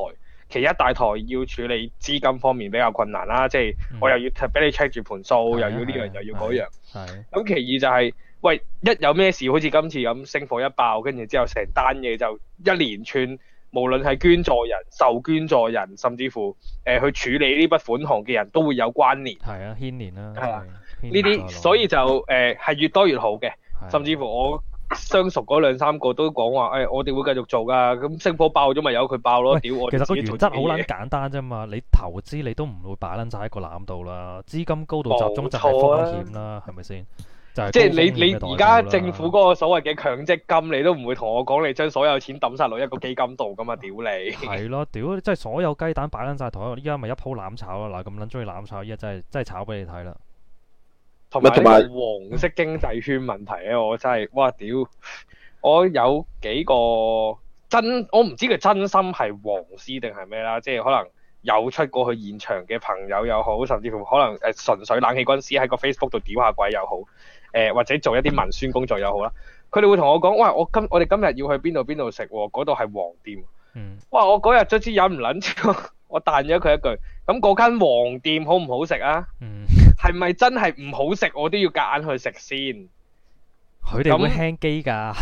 其一大台要處理資金方面比較困難啦，即係我又要俾你 check 住盤數， [laughs] 又要呢、這、樣、個、 [laughs] 又要嗰、這、樣、個。係、啊。咁其二就係、是，喂，一有咩事，好似今次咁，星火一爆，跟住之後成單嘢就一連串，無論係捐助人、受捐助人，甚至乎誒、呃、去處理呢筆款項嘅人都會有關聯。係 [laughs] 啊，牽連啦。係啊，呢啲所以就誒係、呃、越多越好嘅。甚至乎我相熟嗰兩三個都講話，誒、哎，我哋會繼續做噶，咁升火爆咗咪由佢爆咯，屌喂我哋都要做嘅好卵簡單啫嘛，你投資你都唔會擺卵晒喺個籃度啦，資金高度集中就係風險啦，係咪先？是是就是、即係你你而家政府嗰個所謂嘅強積金，你都唔會同我講你將所有錢抌晒落一個基金度噶嘛，屌你的！係咯，屌，即係所有雞蛋擺卵晒同一個，依家咪一鋪攬炒咯，嗱，咁卵中意攬炒，依家真係真係炒俾你睇啦。同埋黃色經濟圈問題咧，我真係哇屌！我有幾個真，我唔知佢真心係黃絲定係咩啦，即係可能有出過去現場嘅朋友又好，甚至乎可能誒純粹冷氣軍師喺個 Facebook 度屌下鬼又好，誒或者做一啲文宣工作又好啦。佢哋會同我講，喂，我今我哋今日要去邊度邊度食？嗰度係黃店。嗯。哇！我嗰日卒之忍唔撚住，我彈咗佢一句，咁嗰間黃店好唔好食啊？嗯。係咪真係唔好食？我都要夾硬去食先。佢哋咁輕機噶。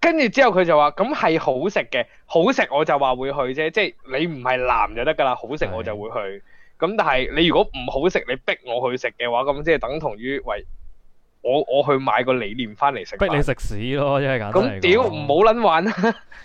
跟住之後佢就話：，咁係好食嘅，好食我就話會去啫。即係你唔係男就得噶啦，好食我就會去。咁但係你如果唔好食，你逼我去食嘅話，咁即係等同於餵我我去買個理念翻嚟食。逼你食屎咯，真係咁屌唔好捻玩。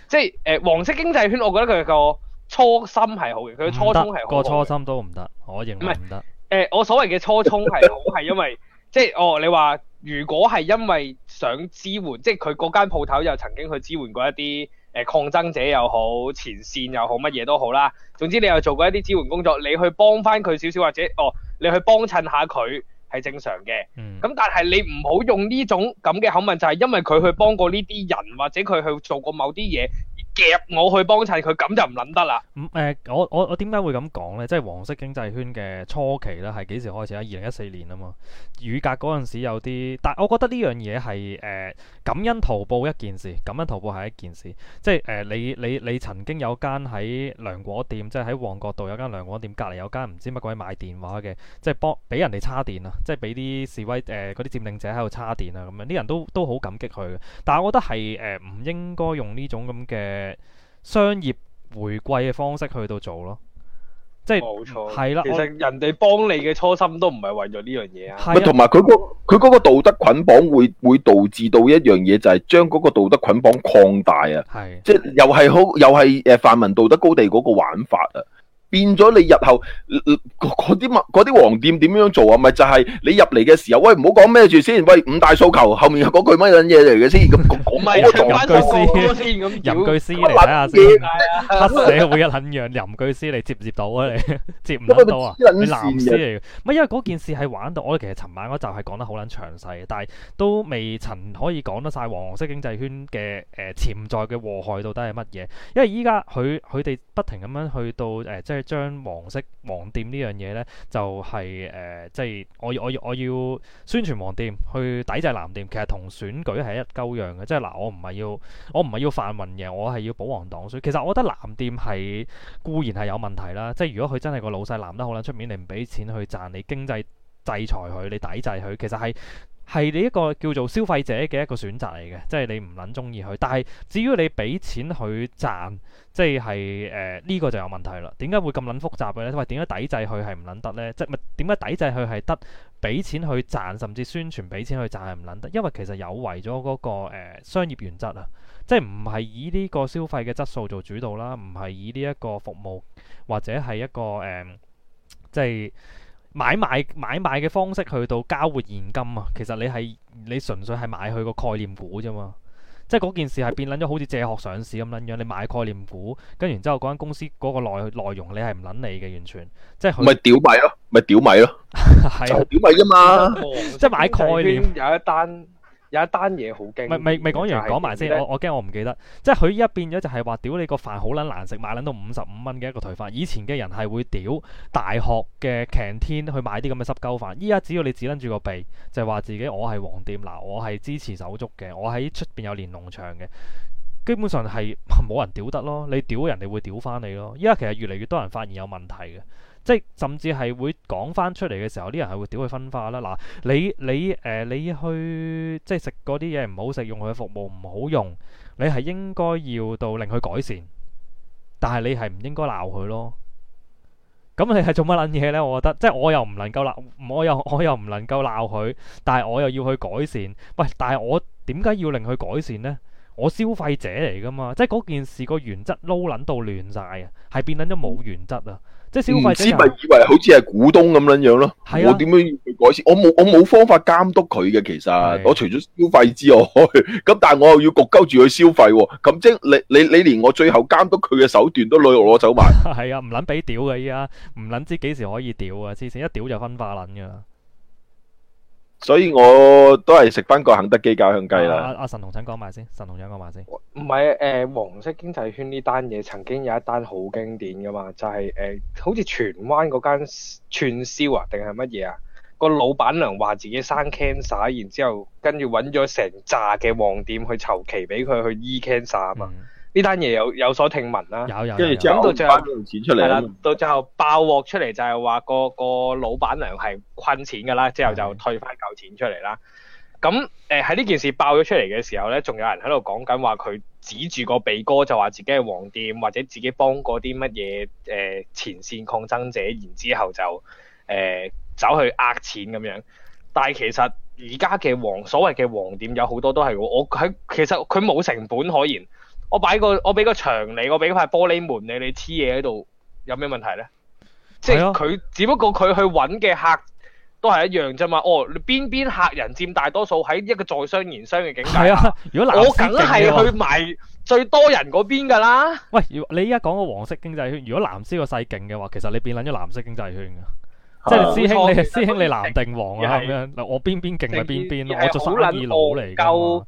即係誒，黃色經濟圈，我覺得佢個初心係好嘅，佢嘅初衷係好，個初心都唔得，我認為唔得。誒、呃，我所謂嘅初衷係好係因為即係哦，你話如果係因為想支援，即係佢嗰間鋪頭又曾經去支援過一啲誒、呃、抗爭者又好，前線又好，乜嘢都好啦。總之你又做過一啲支援工作，你去幫返佢少少或者哦，你去幫襯下佢，係正常嘅。咁、嗯、但係你唔好用呢種咁嘅口吻，就係、是、因為佢去幫過呢啲人或者佢去做過某啲嘢。夾我去幫襯佢，咁就唔諗得啦。咁、呃、誒,我我我點解會咁講咧？即係黃色經濟圈嘅初期咧，係幾時開始啊？二零一四年啊嘛，雨格嗰陣時有啲，但係我覺得呢樣嘢係誒感恩圖報一件事，感恩圖報係一件事。即係誒、呃，你你你曾經有間喺涼果店，即係喺旺角道有間涼果店，隔籬有間唔知乜鬼賣電話嘅、就是，即係幫俾人哋叉電啊，即係俾啲示威誒嗰啲佔領者喺度叉電啊，咁樣啲人都都好感激佢嘅。但係我覺得係誒唔應該用呢種咁嘅。商業回饋嘅方式去到做咯，即係冇錯，係啦。其實人哋幫你嘅初心都唔係為咗呢樣嘢啊。係，同埋佢個佢嗰個道德捆綁會會導致到一樣嘢，就係將嗰個道德捆綁擴大啊。係，即係又係好，又係誒泛民道德高地嗰個玩法啊。變咗你日後嗰啲物啲黃店點樣做啊？咪就係、是、你入嚟嘅時候，喂唔好講咩住先，喂五大訴求後面嗰句乜嘢嚟嘅先，咁講吟句詩，吟句詩嚟睇下先，黑社會一捻樣吟句詩你接唔接到啊？你接唔到啊？吟句詩嚟嘅，咪因為嗰件事係玩到我哋，其實尋晚嗰集係講得好捻詳細，但係都未曾可以講得晒黃色經濟圈嘅誒潛在嘅禍害到底係乜嘢？因為依家佢佢哋不停咁樣去到誒、呃呃，即係。將黃色黃店呢樣嘢呢，就係、是、誒、呃，即係我要我要我要宣傳黃店去抵制藍店，其實同選舉係一鳩樣嘅，即係嗱，我唔係要我唔係要泛民贏，我係要保皇黨。所以其實我覺得藍店係固然係有問題啦，即係如果佢真係個老細藍得好撚出面你唔俾錢去賺，你經濟制裁佢，你抵制佢，其實係。係你一個叫做消費者嘅一個選擇嚟嘅，即係你唔撚中意佢，但係只要你俾錢去賺，即係係誒呢個就有問題啦。點解會咁撚複雜嘅呢？因為，點解抵制佢係唔撚得呢？即係咪點解抵制佢係得俾錢去賺，甚至宣傳俾錢去賺係唔撚得？因為其實有違咗嗰個、呃、商業原則啊，即係唔係以呢個消費嘅質素做主導啦，唔係以呢一個服務或者係一個誒、呃、即係。買賣買賣嘅方式去到交換現金啊，其實你係你純粹係買佢個概念股啫嘛，即係嗰件事係變撚咗好似借殼上市咁撚樣，你買概念股跟完之後嗰間公司嗰個內，內容你係唔撚理嘅完全，即係咪屌米咯？咪屌米咯？係屌米啫嘛， [laughs] 即係買概念有一單。有一單嘢好驚，未咪講完講埋先，我我驚我唔記得，即係佢依家變咗就係話屌你個飯好撚難食，買撚到五十五蚊嘅一個頹飯。以前嘅人係會屌大學嘅 canteen 去買啲咁嘅濕鳩飯，依家只要你只撚住個鼻就係、是、話自己我係黃店嗱，我係支持手足嘅，我喺出邊有連儂牆嘅，基本上係冇人屌得咯。你屌人哋會屌翻你咯。依家其實越嚟越多人發現有問題嘅。即甚至係會講翻出嚟嘅時候，啲人係會屌佢分化啦。嗱，你你誒、呃、你去即係食嗰啲嘢唔好食，用佢嘅服務唔好用，你係應該要到令佢改善，但係你係唔應該鬧佢咯。咁你係做乜撚嘢呢？我覺得即係我又唔能夠鬧，我又我又唔能夠鬧佢，但係我又要去改善。喂，但係我點解要令佢改善呢？我消費者嚟噶嘛，即係嗰件事個原則撈撚到亂晒，啊，係變撚咗冇原則啊。即唔知咪、就係、以為好似係股東咁樣樣咯，啊、我點樣去改善？我冇我冇方法監督佢嘅其實，啊、我除咗消費之外，咁但係我又要焗鳩住去消費喎，咁即你你你連我最後監督佢嘅手段都攞攞走埋。係 [laughs] 啊，唔撚俾屌嘅依家，唔撚知幾時可以屌啊！黐線，一屌就分化撚㗎啦。所以我都係食翻個肯德基家鄉雞啦。阿、啊啊、神龍井講埋先，神龍井講埋先。唔係誒，黃色經濟圈呢單嘢曾經有一單好經典噶嘛，就係、是、誒、呃，好似荃灣嗰間串燒啊，定係乜嘢啊？個老闆娘話自己生 cancer，然之後跟住揾咗成扎嘅黃店去籌期俾佢去醫 cancer 啊嘛。嗯呢單嘢有有所聽聞啦，跟住之後到最後出嚟，係啦，到最後爆鑊出嚟就係話個老闆娘係困錢㗎啦，之後就退翻嚿錢出嚟啦。咁誒喺呢件事爆咗出嚟嘅時候咧，仲有人喺度講緊話佢指住個鼻哥就話自己係黃店，或者自己幫過啲乜嘢誒前線抗爭者，然之後就誒、呃、走去呃錢咁樣。但係其實而家嘅黃，所謂嘅黃店有好多都係我喺，其實佢冇成本可言。我擺個我俾個牆你，我俾塊玻璃門你，你黐嘢喺度有咩問題咧？是啊、即係佢只不過佢去揾嘅客都係一樣啫嘛。哦，邊邊客人佔大多數喺一個在商言商嘅境界。啊，如果我梗係去埋最多人嗰邊噶啦。喂，你依家講個黃色經濟圈，如果藍色個勢勁嘅話，其實你變捻咗藍色經濟圈噶。好 即係師兄你師兄錯你，師兄你藍定黃啊咁樣嗱，我邊邊勁咪邊邊我就生意佬嚟噶嘛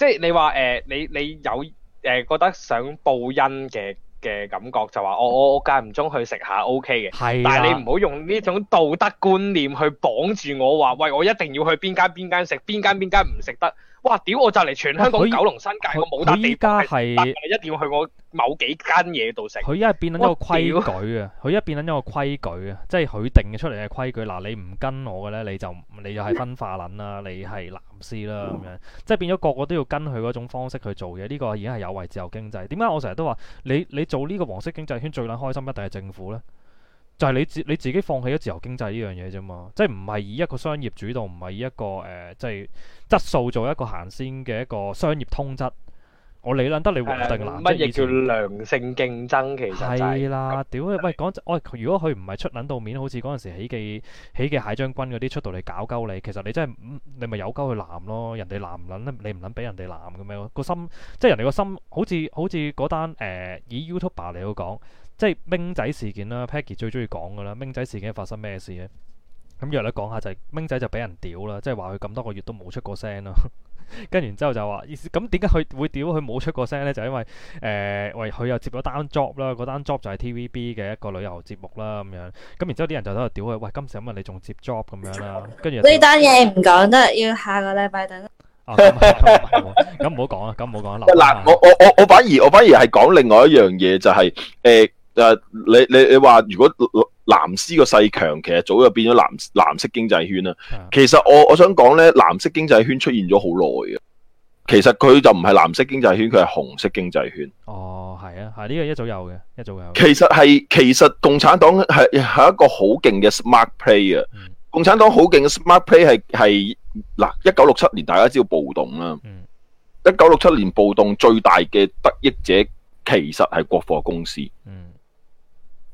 即係你話誒、呃，你你有誒、呃、覺得想報恩嘅嘅感覺，就話我我間唔中去食下 OK 嘅。係啊，但係你唔好用呢種道德觀念去綁住我話，喂，我一定要去邊間邊間食，邊間邊間唔食得。哇！屌，我就嚟全香港九龍新界，我冇笪地。佢依家係一定要去我某幾間嘢度食。佢依家變緊一個規矩啊！佢依家變緊一個規矩啊！即係佢定出嚟嘅規矩。嗱，你唔跟我嘅咧，你就你就係分化撚啦，你係藍絲啦咁樣。即係變咗個個都要跟佢嗰種方式去做嘢。呢個已經係有違自由經濟。點解我成日都話你你做呢個黃色經濟圈最撚開心一定係政府咧？就係你自你自己放棄咗自由經濟呢樣嘢啫嘛，即係唔係以一個商業主導，唔係以一個誒、呃，即係質素做一個行先嘅一個商業通則。我理撚得你黃定藍，乜嘢、啊、叫良性競爭？其實係、就是、啦，嗯、屌喂，講我、呃、如果佢唔係出撚到面，好似嗰陣時喜記喜記蟹將軍嗰啲出到嚟搞鳩你，其實你真係你咪有鳩去攔咯，人哋攔撚咧，你唔撚俾人哋攔咁咩？個心即係人哋個心，心好似好似嗰單、呃、以 YouTuber 嚟到講。即係明仔事件啦，Peggy 最中意講嘅啦。明仔事件發生咩事咧？咁若你講下就係明仔就俾人屌啦，即係話佢咁多個月都冇出過聲啦。跟住之後就話意思咁點解佢會屌佢冇出過聲咧？就因為誒，喂，佢又接咗單 job 啦，嗰單 job 就係 TVB 嘅一個旅遊節目啦咁樣。咁然之後啲人就喺度屌佢喂，今時今日你仲接 job 咁樣啦。跟住呢單嘢唔講得，要下個禮拜等。啊咁，咁唔好講啊，咁唔好講啦。嗱嗱，我我我我反而我反而係講另外一樣嘢，就係誒。誒，你你你話如果藍絲個勢強，其實早就變咗藍藍色經濟圈啦。的其實我我想講呢，藍色經濟圈出現咗好耐嘅，其實佢就唔係藍色經濟圈，佢係紅色經濟圈。哦，係啊，係呢個一早有嘅，一早有。其實係，其實共產黨係係一個好勁嘅 smart play 啊。嗯、共產黨好勁嘅 smart play 係係嗱，一九六七年大家知道暴動啦。一九六七年暴動最大嘅得益者其實係國貨公司。嗯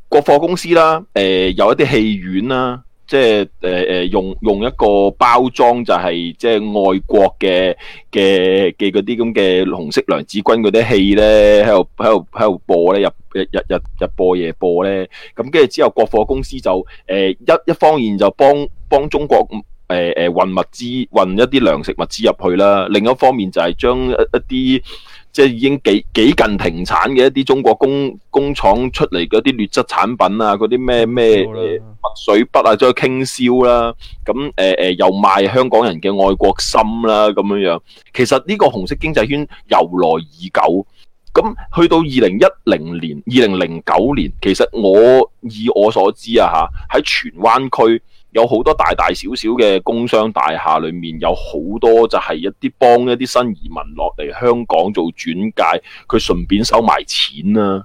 國貨公司啦，誒、呃，有一啲戲院啦，即係誒誒，用用一個包裝就係即係外國嘅嘅嘅嗰啲咁嘅紅色娘子軍嗰啲戲咧，喺度喺度喺度播咧，日日日日播夜播咧，咁跟住之後國貨公司就誒、呃、一一方面就幫幫中國誒誒運物資運一啲糧食物資入去啦，另一方面就係將一啲。即係已經幾幾近停產嘅一啲中國工工廠出嚟嘅啲劣質產品啊，嗰啲咩咩墨水筆啊，將佢傾銷啦、啊，咁誒誒又賣香港人嘅愛國心啦、啊，咁樣樣。其實呢個紅色經濟圈由來已久，咁去到二零一零年、二零零九年，其實我以我所知啊嚇，喺荃灣區。有好多大大小小嘅工商大廈，裏面有好多就係一啲幫一啲新移民落嚟香港做轉介，佢順便收埋錢啊。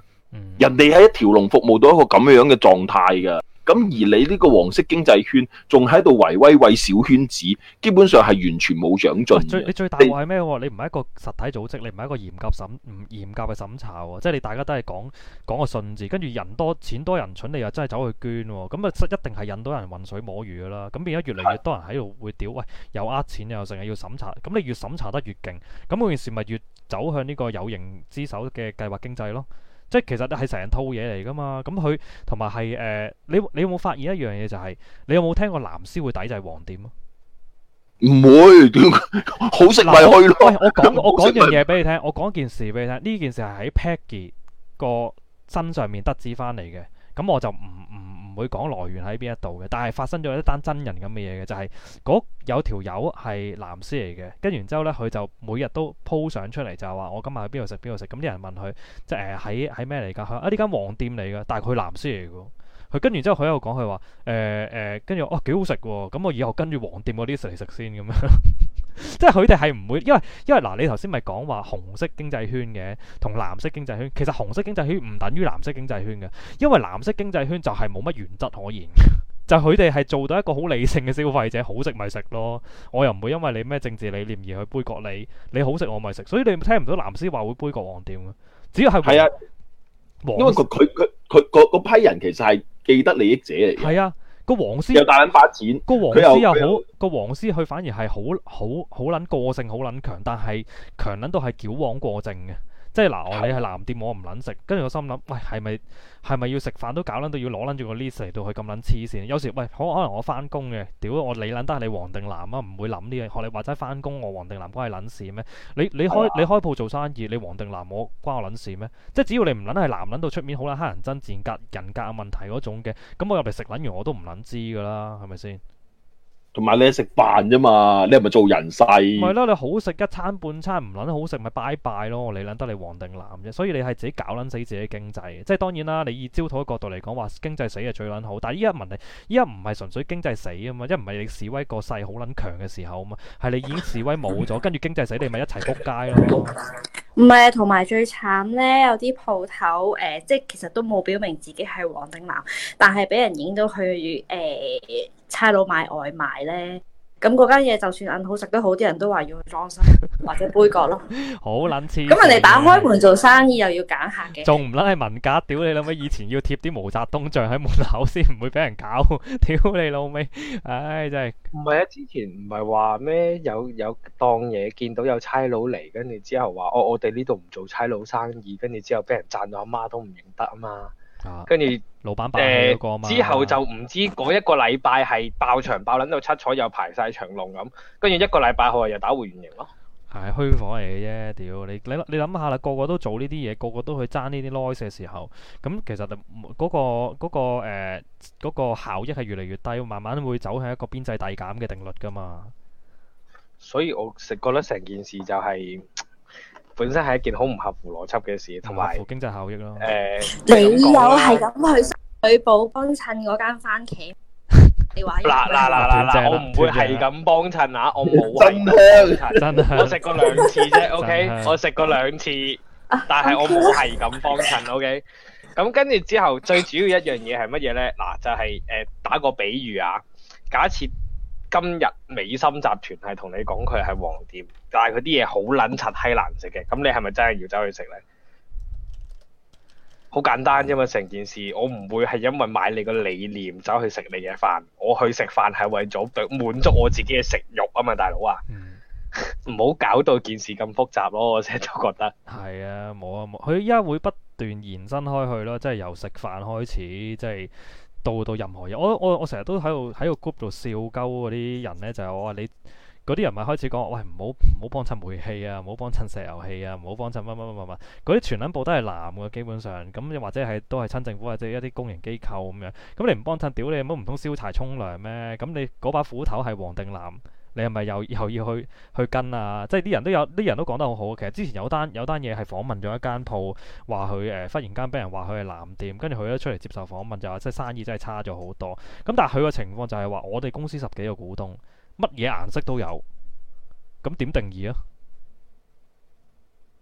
人哋喺一條龍服務到一個咁樣嘅狀態嘅。咁而你呢個黃色經濟圈仲喺度圍威喂小圈子，基本上係完全冇長進啊。最你最大話係咩喎？你唔係一個實體組織，你唔係一個嚴格審唔嚴格嘅審查喎，即係你大家都係講講個信字，跟住人多錢多人蠢，你又真係走去捐喎，咁啊一定係引到人混水摸魚噶啦。咁變咗越嚟越多人喺度會屌，喂，又呃錢又成日要審查，咁你越審查得越勁，咁嗰件事咪越走向呢個有形之手嘅計劃經濟咯？即係其實都係成套嘢嚟噶嘛，咁佢同埋係誒，你你有冇發現一樣嘢就係，你有冇聽過藍絲會抵制黃點咯？唔會，點好食咪開咯？我講我講樣嘢俾你聽，我講件事俾你聽，呢件事係喺 Peggy 個身上面得知翻嚟嘅，咁我就唔唔。唔會講來源喺邊一度嘅，但係發生咗一單真人咁嘅嘢嘅，就係有條友係藍絲嚟嘅，跟住之後呢，佢就每日都鋪相出嚟，就係話我今日去邊度食邊度食，咁啲人問佢即係喺喺咩嚟㗎？佢話啊呢間黃店嚟嘅，但係佢藍絲嚟嘅，佢跟住之後佢喺度講佢話誒誒，跟住哦幾好食㗎，咁我以後跟住黃店嗰啲食嚟食先咁樣。即係佢哋係唔會，因為因為嗱，你頭先咪講話紅色經濟圈嘅同藍色經濟圈，其實紅色經濟圈唔等於藍色經濟圈嘅，因為藍色經濟圈就係冇乜原則可言，就佢哋係做到一個好理性嘅消費者，好食咪食咯，我又唔會因為你咩政治理念而去杯葛你，你好食我咪食，所以你聽唔到藍絲話會杯葛黃店，只要係係啊，因為佢佢佢佢嗰批人其實係既得利益者嚟係啊。個黃絲又大捻發展，個黃絲又好，個黃絲佢反而係好好好捻個性，好捻強，但係強捻到係矯枉過正嘅。即係嗱、啊，你係男店，我唔撚食，跟住我心諗，喂，係咪係咪要食飯都搞撚到要攞撚住個 list 嚟到去咁撚黐線？有時喂，可可能我翻工嘅，屌我你撚得係你黃定藍啊，唔會諗呢嘢。學你話齋翻工，我，我黃定藍關我撚事咩？你你開你開鋪做生意，你黃定藍我關我撚事咩？即係只要你唔撚係男撚到出面好啦，黑人憎賤格人格問題嗰種嘅，咁我又咪食撚完我都唔撚知㗎啦，係咪先？同埋你係食飯啫嘛，你係咪做人世？唔係啦，你好食一餐半餐唔捻好食咪拜拜咯，你捻得你黃定藍啫，所以你係自己搞捻死自己經濟，即係當然啦，你以焦土嘅角度嚟講話經濟死係最捻好，但係依家問題，依家唔係純粹經濟死啊嘛，一唔係你示威個勢好捻強嘅時候啊嘛，係你已經示威冇咗，跟住經濟死你咪一齊撲街咯。唔係， [laughs] 同埋最慘咧，有啲鋪頭誒，即係其實都冇表明自己係黃定藍，但係俾人影到佢誒。呃差佬買外賣咧，咁嗰間嘢就算好食都好，啲人都話要去裝修或者杯葛咯。好撚似，咁人哋打開門做生意又要揀客嘅，仲唔撚係文革？屌你老味！以前要貼啲毛澤東像喺門口先唔會俾人搞， [laughs] 屌你老味！唉、哎，真係唔係啊！之前唔係話咩？有有檔嘢見到有差佬嚟，跟住之後話、哦、我我哋呢度唔做差佬生意，跟住之後俾人讚到阿媽都唔認得啊嘛～跟住、啊、著老闆爆咗之後就唔知嗰、啊、一個禮拜係爆場爆捻到七彩，又排晒長龍咁，跟住一個禮拜佢又打回原形咯。係虛、哎、火嚟嘅啫，屌你你你諗下啦，個個都做呢啲嘢，個個都去爭呢啲 noise 嘅時候，咁其實嗰、那個嗰、那個誒嗰、呃那個效益係越嚟越低，慢慢會走向一個邊際遞減嘅定律噶嘛。所以我成覺得成件事就係、是。本身係一件好唔合乎邏輯嘅事，同埋經濟效益咯。誒、呃，ể 你有係咁去深水埗幫襯嗰間番茄？ [laughs] [laughs] 你話嗱嗱嗱嗱嗱，我唔會係咁幫襯啊！我冇真香，真係我食過兩次啫。OK， [laughs] 我食過兩次，但係我冇係咁幫襯。OK，咁跟住之後，最主要一樣嘢係乜嘢咧？嗱，就係、是、誒打個比喻啊，假設。今日美心集團係同你講佢係黃店，但係佢啲嘢好撚柒閪難食嘅，咁你係咪真係要走去食呢？好簡單啫嘛，成件事我唔會係因為買你個理念走去食你嘅飯，我去食飯係為咗滿足我自己嘅食欲啊嘛，大佬啊，唔好、嗯、 [laughs] 搞到件事咁複雜咯，我成日都覺得。係啊，冇啊冇，佢依家會不斷延伸開去咯，即係由食飯開始，即係。到到任何嘢，我我我成日都喺度喺個 group 度笑鳩嗰啲人呢。就係我話你嗰啲人咪開始講，喂唔好唔好幫襯煤氣啊，唔好幫襯石油氣啊，唔好幫襯乜乜乜乜乜，嗰啲全 n 部都係藍嘅基本上，咁又或者係都係親政府或者一啲公營機構咁樣，咁你唔幫襯，屌你冇唔通燒柴沖涼咩？咁你嗰把斧頭係黃定藍？你係咪又以後要去去跟啊？即係啲人都有，啲人都講得好好。其實之前有單有單嘢係訪問咗一間鋪，話佢誒忽然間俾人話佢係藍店，跟住佢一出嚟接受訪問就話，即係生意真係差咗好多。咁但係佢個情況就係話，我哋公司十幾個股東，乜嘢顏色都有，咁點定義啊？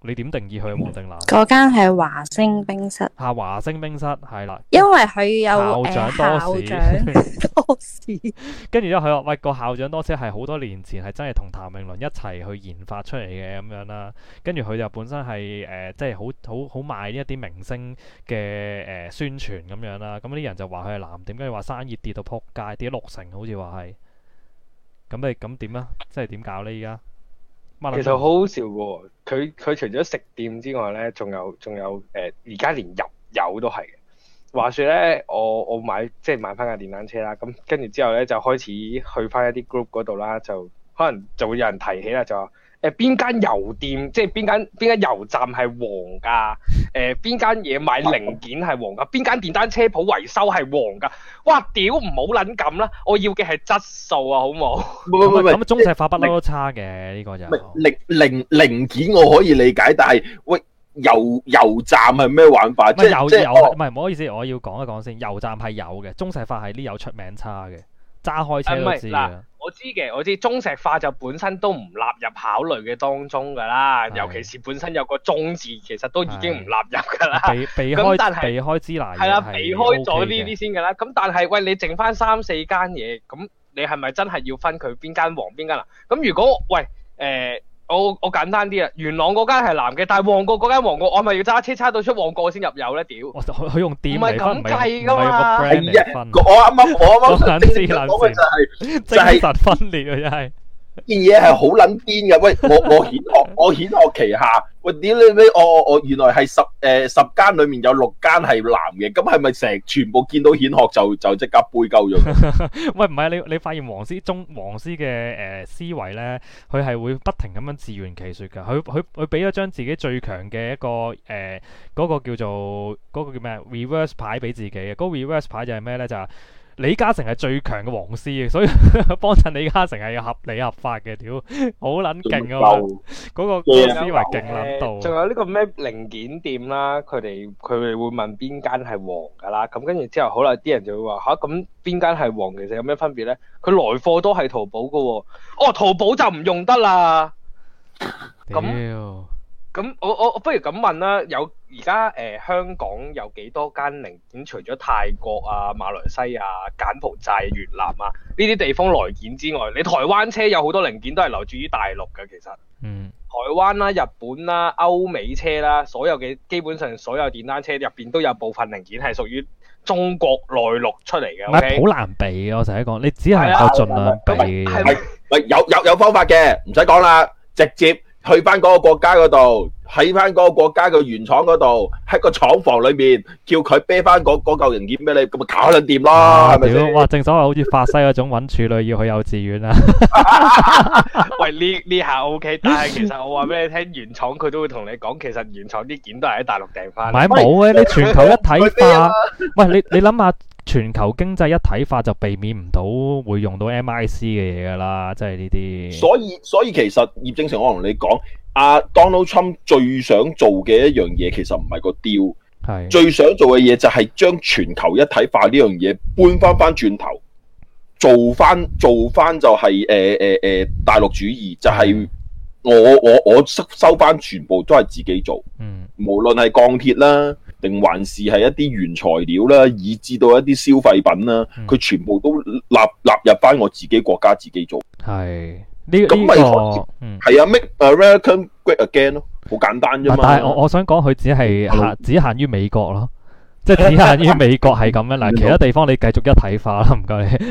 你點定義佢黃定藍？嗰間係華星冰室。啊，華星冰室係啦。因為佢有校長多士 [laughs] 時。 [laughs] 校長多士。跟住之後佢話：喂，個校長多士係好多年前係真係同譚詠麟一齊去研發出嚟嘅咁樣啦、啊。跟住佢就本身係誒、呃，即係好好好賣呢一啲明星嘅誒、呃、宣傳咁樣啦、啊。咁、嗯、啲人就話佢係藍點，跟住話生意跌到撲街，跌咗六成，好似話係。咁你咁點啊？即係點搞呢？而家？其實好好笑喎，佢佢除咗食店之外呢，仲有仲有誒，而家連入油，油都係嘅。話説呢，我我買即係買翻架電單車啦，咁跟住之後呢，就開始去翻一啲 group 嗰度啦，就可能就會有人提起啦，就話。誒邊，呃、間油店，即係邊間邊間油站係黃㗎？誒、呃、邊間嘢賣零件係黃㗎？邊間電單車鋪維修係黃㗎？哇！屌唔好撚咁啦！我要嘅係質素啊，好冇？好？唔咁中石化不嬲都差嘅呢沒個就零零零件我可以理解，但係喂油油站係咩玩法？即係油即係唔係？唔有有好意思，我要講一講先。油站係有嘅，中石化係呢有，有出名差嘅。揸開車公司我知嘅，啊，我知，我知中石化就本身都唔納入考慮嘅當中噶啦，的尤其是本身有個中字，其實都已經唔納入噶啦。避避開真係避開之係啦，避開咗呢啲先噶啦。咁的但係喂，你剩翻三四間嘢，咁你係咪真係要分佢邊間黃邊間藍？咁如果喂誒？呃我我簡單啲啊，元朗嗰間係藍嘅，但係旺角嗰間旺角，我係咪要揸車差到出旺角先入油咧，屌！我就可用點？唔係咁計噶嘛，我我啱啱我啱啱正、就是、 [laughs] 正講嘅就係精神分裂啊、就是，真係、就是！ [laughs] 件嘢係好捻癲嘅，喂，我我顯學我顯學旗下，喂，屌你你，我我我原來係十誒、呃、十間裏面有六間係男嘅，咁係咪成全部見到顯學就就即刻背鳩咗？ [laughs] 喂，唔係你你發現黃絲中黃絲嘅誒思維咧，佢、呃、係會不停咁樣自圓其說嘅，佢佢佢俾咗張自己最強嘅一個誒嗰、呃嗰個叫做嗰、嗰個叫咩 reverse 牌俾自己嘅。嗰、嗰個、reverse 牌就係咩咧就係？李嘉誠係最強嘅黃絲，所以幫襯 [laughs] 李嘉誠係要合理合法嘅，屌好撚勁啊！嗰個思維勁撚到。仲有呢個咩零件店啦，佢哋佢哋會問邊間係黃噶啦，咁跟住之後好耐啲人就會話吓咁邊間係黃其實，有咩分別呢？佢來貨都係淘寶噶喎，哦淘寶就唔用得啦。 [laughs] 樣咁我、啊、我不如咁問啦，有而家誒香港有幾多間零件？除咗泰國啊、馬來西亞、柬埔寨、越南啊呢啲地方來件之外，你台灣車有好多零件都係來自於大陸嘅，其實。嗯。台灣啦、啊、日本啦、啊、歐美車啦、啊，所有嘅基本上所有電單車入邊都有部分零件係屬於中國內陸出嚟嘅。唔係，好難避我成日講，你只能夠盡量避、嗯。係咪、啊？有有有，有方法嘅，唔使講啦，直接。去翻嗰個國家嗰度，喺翻嗰個國家嘅原廠嗰度，喺個廠房裏面叫佢啤翻嗰嚿零件俾你，咁咪搞掂掂咯。屌、啊，哇、呃！正所謂好似法西嗰種搵處女要去幼稚園啊， [laughs] 啊。喂，呢呢下 O、OK, K，但係其實我話俾你聽， [laughs] 原廠佢都會同你講，其實原廠啲件都係喺大陸訂翻。唔係冇嘅，你全球一體化。 [laughs] 喂，你你諗下。全球經濟一體化就避免唔到會用到 MIC 嘅嘢㗎喇，即係呢啲。所以所以其實葉正成我同你講，阿、啊、Donald Trump 最想做嘅一樣嘢其實唔係個 deal< 是>。係最想做嘅嘢就係將全球一體化呢樣嘢搬翻翻轉頭，做翻做翻就係誒誒誒大陸主義，就係、是、我我我收收翻全部都係自己做，嗯、無論係鋼鐵啦。定還是係一啲原材料啦，以至到一啲消費品啦，佢、嗯、全部都納納入翻我自己國家自己做。係呢、這個係、就是嗯、啊，Make America Great Again 咯，好簡單啫嘛。但係我我想講，佢只係限，只限於美國咯，即係只限於美國係咁樣！嗱， [laughs] 其他地方你繼續一體化啦，唔該。 [laughs]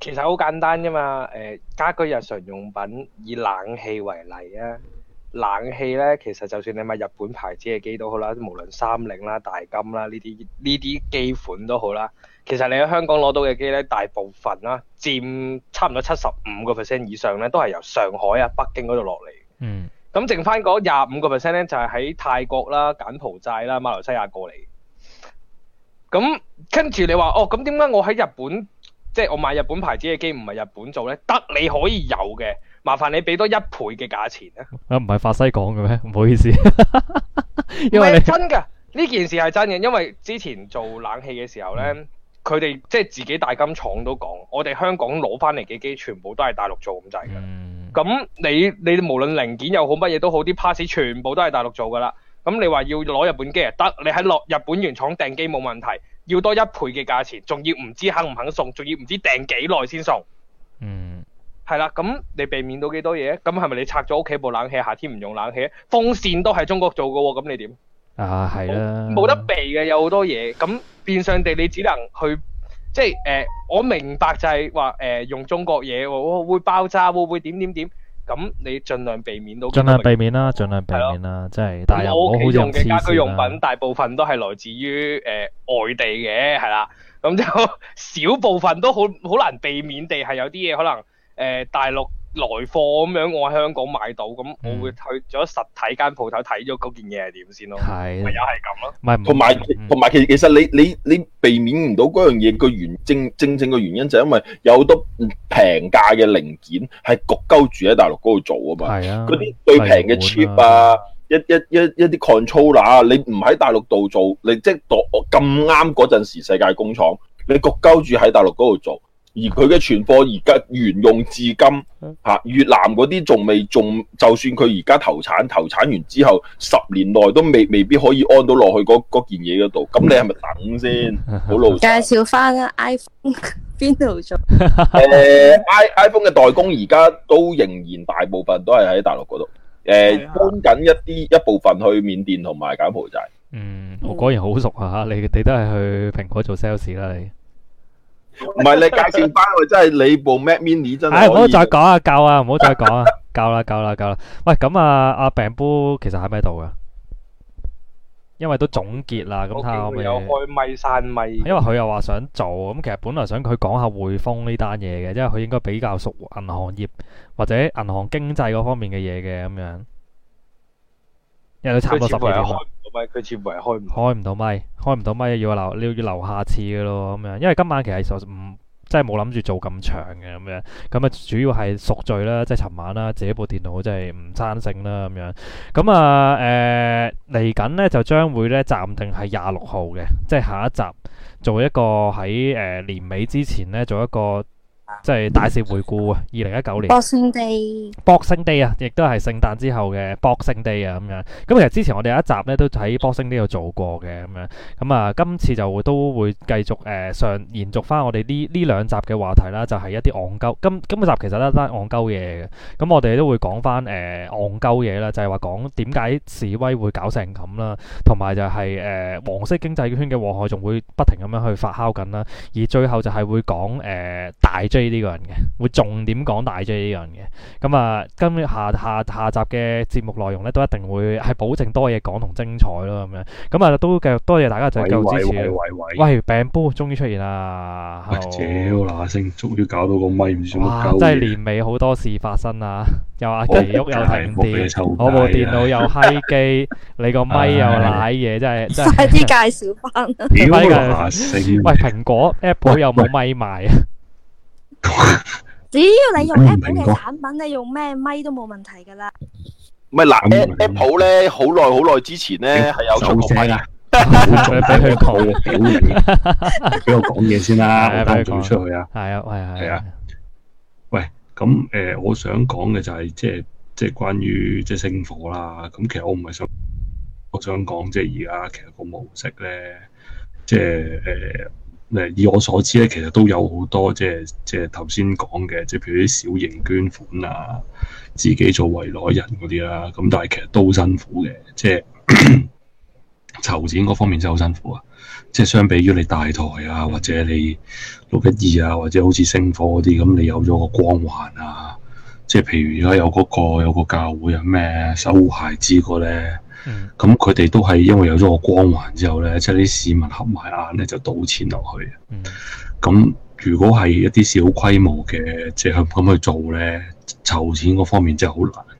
其實好簡單啫嘛，誒、呃，家居日常用品以冷氣為例啊。冷氣咧，其實就算你買日本牌子嘅機都好啦，無論三菱啦、大金啦呢啲呢啲機款都好啦，其實你喺香港攞到嘅機咧，大部分啦，佔差唔多七十五個 percent 以上咧，都係由上海啊、北京嗰度落嚟。嗯。咁剩翻嗰廿五個 percent 咧，就係喺泰國啦、柬埔寨啦、馬來西亞過嚟。咁跟住你話，哦，咁點解我喺日本，即係我買日本牌子嘅機唔係日本做咧？得你可以有嘅。麻煩你俾多一倍嘅價錢咧？啊，唔係法西講嘅咩？唔好意思， [laughs] 因為你 真嘅，呢件事係真嘅，因為之前做冷氣嘅時候呢，佢哋，嗯、即係自己大金廠都講，我哋香港攞翻嚟嘅機全部都係大陸做咁滯嘅。咁，嗯、你你無論零件又好乜嘢都好，啲 parts 全部都係大陸做噶啦。咁你話要攞日本機啊得？你喺落日本原廠訂機冇問題，要多一倍嘅價錢，仲要唔知肯唔肯送，仲要唔知訂幾耐先送。嗯。係啦，咁你避免到幾多嘢啊？咁係咪你拆咗屋企部冷氣，夏天唔用冷氣，風扇都係中國做嘅？咁你點啊？係啦，冇得好的避嘅，有好多嘢。咁變相地，你只能去即係誒、呃，我明白就係話誒用中國嘢，我會爆炸，會會點點點。咁你盡量避免到，盡量避免啦、啊，盡量避免啦，即係。咁我屋企用嘅家居用品大部分都係來自於誒、呃、外地嘅，係啦，咁就小部分都好好難避免地係有啲嘢可能。誒、呃、大陸來貨咁樣，我喺香港買到，咁我會去咗實體間鋪頭睇咗嗰件嘢係點先咯。係，咪又係咁咯。咪唔同埋同埋其其實你你你避免唔到嗰樣嘢個原、嗯、正，正正正嘅原因就係因為有好多平價嘅零件係焗鳩住喺大陸嗰度做啊嘛。係啊，嗰啲最平嘅 chip 啊，啊一一一一啲 control 啊，你唔喺大陸度做，你即係度咁啱嗰陣時世界工廠，你焗鳩住喺大陸嗰度做。而佢嘅存貨而家沿用至今，嚇、啊、越南嗰啲仲未仲，就算佢而家投產，投產完之後十年內都未未必可以安到落去嗰、那個、件嘢嗰度。咁你係咪等先？好 [laughs] 老。介紹翻 iPhone 邊度做？誒、 [laughs] 呃、i iPhone 嘅代工而家都仍然大部分都係喺大陸嗰度，誒、呃、的搬緊一啲一部分去緬甸同埋柬埔寨。嗯，我果然好熟啊！嚇，你你，你都係去蘋果做 sales 啦，你。唔係，你介紹返去，我真係你部 Mac Mini，真係。哎，唔好再講啊，夠啊，唔好再講啊，夠啦，夠啦，夠啦。喂，咁啊，阿病煲其實喺咪度噶？因為都總結啦，咁睇下可唔可以有開咪散咪。因為佢又話想做，咁其實本來想佢講下匯豐呢單嘢嘅，因為佢應該比較熟銀行業或者銀行經濟嗰方面嘅嘢嘅咁樣，因為都差唔多十二點。唔係佢設備開唔開唔到咪，開唔到咪，要留你要留下次嘅咯咁樣，因為今晚其實就唔真係冇諗住做咁長嘅咁樣，咁啊主要係宿醉啦，即係尋晚啦，自己部電腦真係唔生性啦咁樣，咁啊誒嚟緊咧就將會咧暫定係廿六號嘅，即係下一集做一個喺誒、呃、年尾之前咧做一個。即係大事回顧啊！二零一九年博聖地，博聖地啊，亦都係聖誕之後嘅博聖地啊，咁樣。咁其實之前我哋有一集咧都喺博聖地度做過嘅咁樣。咁啊，今次就會都會繼續誒上延續翻我哋呢呢兩集嘅話題啦，就係一啲戇鳩。今今集其實咧都係戇鳩嘢嘅，咁我哋都會講翻誒戇鳩嘢啦，就係話講點解示威會搞成咁啦，同埋就係誒黃色經濟圈嘅禍害仲會不停咁樣去發酵緊啦。而最後就係會講誒大 J。呢個人嘅，會重點講大 J 呢個人嘅，咁啊，今日下下下集嘅節目內容咧，都一定會係保證多嘢講同精彩咯咁樣。咁啊，都繼續多謝大家就係夠支持。喂，餅波終於出現啦！屌嗱聲，終於搞到個咪唔知。哇！真係年尾好多事發生啊！又阿奇喐又停電，我部電腦又 hi 機，你個咪又瀨嘢，真係真係。快啲介紹翻啦！屌嗱聲，喂，蘋果 Apple 有冇咪賣啊？ [laughs] 只要你用 Apple 嘅產品，你用咩咪都冇問題噶啦。咪嗱，Apple 咧好耐好耐之前咧係有收聲啊，俾佢 [laughs] 表嘢，俾 [laughs] 我講嘢先啦，對我唔要出去啊。係啊，啊，係啊，喂，咁誒，我想講嘅就係即係即係關於即係星火啦。咁其實我唔係想我想講即係而家其實個模式咧，即係誒。呃以我所知咧，其實都有好多即係即係頭先講嘅，即係譬如啲小型捐款啊，自己做為攞人嗰啲啦。咁但係其實都辛苦嘅，即係籌錢嗰方面真係好辛苦啊！即係相比於你大台啊，或者你六一二啊，或者好似星火嗰啲咁，你有咗個光環啊，即係譬如而家有嗰、嗰個有個教會有咩守護孩子嗰咧。咁佢哋都係因為有咗個光環之後咧，即係啲市民合埋眼咧就賭錢落去。咁，嗯，如果係一啲小規模嘅，即係咁去做咧，籌錢嗰方面真係好難。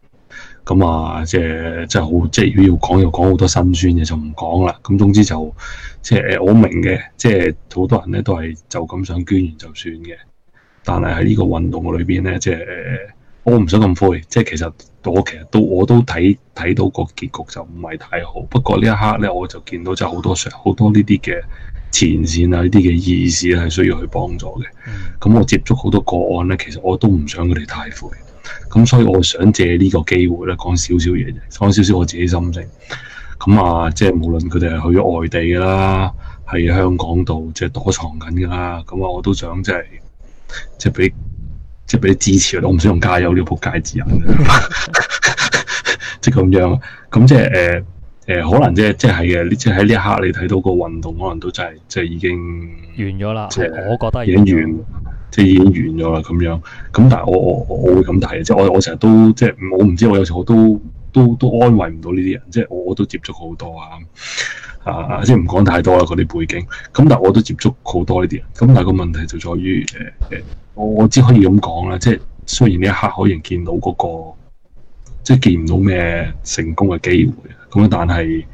咁啊，即係即係好，即係要講又講好多辛酸嘅就唔講啦。咁總之就即係，我明嘅，即係好多人咧都係就咁想捐完就算嘅。但係喺呢個運動裏邊咧，即係。呃我唔想咁灰，即係其實我其實都我都睇睇到個結局就唔係太好。不過呢一刻呢，我就見到就好多上好多呢啲嘅前線啊，呢啲嘅義士係需要去幫助嘅。咁、嗯、我接觸好多個案呢，其實我都唔想佢哋太灰。咁所以我想借呢個機會呢，講少少嘢啫，講少少我自己心聲。咁啊，即係無論佢哋係去咗外地噶啦，喺香港度即係躲藏緊噶啦，咁啊我都想即係即係俾。俾你支持，我唔想用加油呢個撲街之人，即係咁樣。咁即係誒誒，可能即係即係嘅，即係喺呢一刻你睇到個運動，可能都真係即係已經完咗啦。係我覺得已經完，即係已經完咗啦。咁樣。咁但係我我我，我會咁睇，即係我我成日都即係、就是、我唔知，我有時我都都都安慰唔到呢啲人，即係我都接觸好多啊。啊！即係唔講太多啦，佢啲背景。咁但係我都接觸好多呢啲人。咁但係個問題就在於，誒、呃、誒，我我只可以咁講啦。即係雖然呢一刻可以見到嗰、那個，即係見唔到咩成功嘅機會。咁樣但係，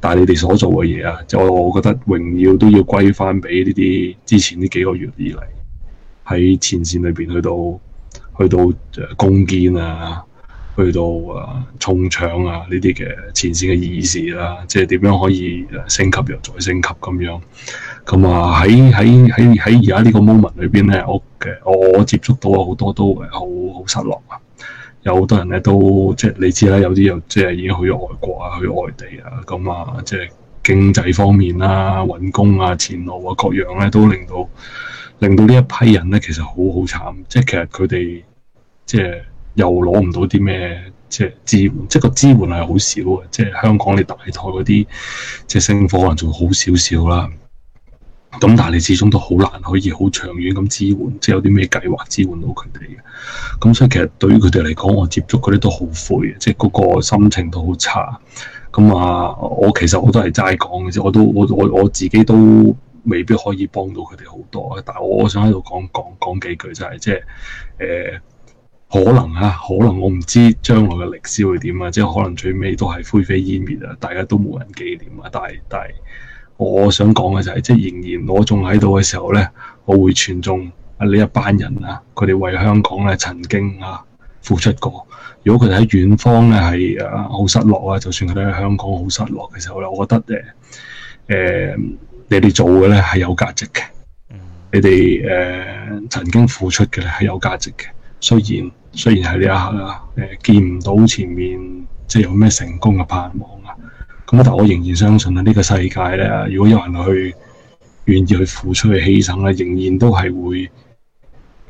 但係你哋所做嘅嘢啊，就我覺得榮耀都要歸翻俾呢啲之前呢幾個月以嚟喺前線裏邊去到去到攻堅啊。去到啊，沖搶啊呢啲嘅前線嘅議事啦，即係點樣可以升級又再升級咁樣。咁啊喺喺喺喺而家呢個 moment 裏邊咧，我嘅我接觸到好多都誒好好失落啊。有好多人咧都即係你知啦，有啲又即係已經去咗外國啊，去外地啊。咁啊，即係經濟方面啦、啊、揾工啊、前路啊各樣咧，都令到令到呢一批人咧，其實好好慘。即係其實佢哋即係。又攞唔到啲咩，即係支援，即係個支援係好少嘅。即係香港你大台嗰啲，即係升火可能仲好少少啦。咁但係你始終都好難可以好長遠咁支援，即係有啲咩計劃支援到佢哋嘅。咁所以其實對於佢哋嚟講，我接觸嗰啲都好攰嘅，即係嗰、那個心情都好差。咁啊，我其實我都係齋講嘅啫，我都我我我自己都未必可以幫到佢哋好多。但係我想喺度講講講幾句就係、是，即係誒。欸可能啊，可能我唔知將來嘅歷史會點啊，即係可能最尾都係灰飛煙滅啊，大家都冇人紀念啊。但係但係，我想講嘅就係、是，即係仍然我仲喺度嘅時候咧，我會尊重啊呢一班人啊，佢哋為香港咧曾經啊付出過。如果佢哋喺遠方咧係啊好失落啊，就算佢哋喺香港好失落嘅時候咧，我覺得誒誒、呃，你哋做嘅咧係有價值嘅，你哋誒、呃、曾經付出嘅咧係有價值嘅，雖然。雖然係呢一刻啦，誒、呃、見唔到前面即係有咩成功嘅盼望啊，咁但我仍然相信啊，呢個世界咧，如果有人去願意去付出去犧牲咧，仍然都係會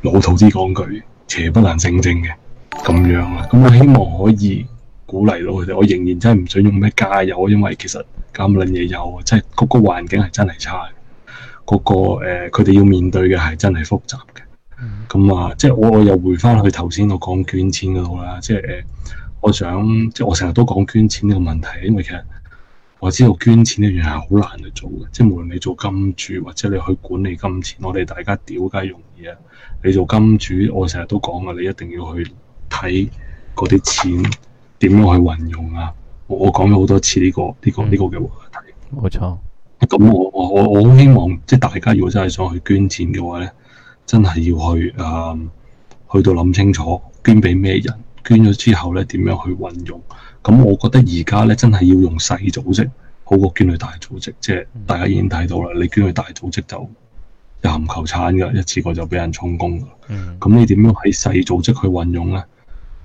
老土啲講句，邪不能勝正嘅咁樣啊。咁、嗯、我、嗯、希望可以鼓勵到佢哋。我仍然真係唔想用咩加油，因為其實咁撚嘢有，即係嗰個環境係真係差的，嗰、那個佢哋、呃、要面對嘅係真係複雜嘅。咁啊、嗯，即係我我又回翻去頭先我講捐錢嗰度啦，即係誒、呃，我想即係我成日都講捐錢呢個問題，因為其實我知道捐錢呢樣嘢係好難去做嘅，即係無論你做金主或者你去管理金錢，我哋大家屌梗容易啊！你做金主，我成日都講啊，你一定要去睇嗰啲錢點樣去運用啊！我講咗好多次呢、這個呢、這個呢、這個嘅話題，冇錯錯。咁我我我我好希望，即係大家如果真係想去捐錢嘅話咧。真係要去誒、嗯，去到諗清楚捐俾咩人，捐咗之後呢，點樣去運用？咁我覺得而家呢，真係要用細組織好過捐去大組織，即、就、係、是、大家已經睇到啦。嗯、你捐去大組織就又唔求產㗎，一次過就俾人充公㗎。咁、嗯、你點樣喺細組織去運用呢？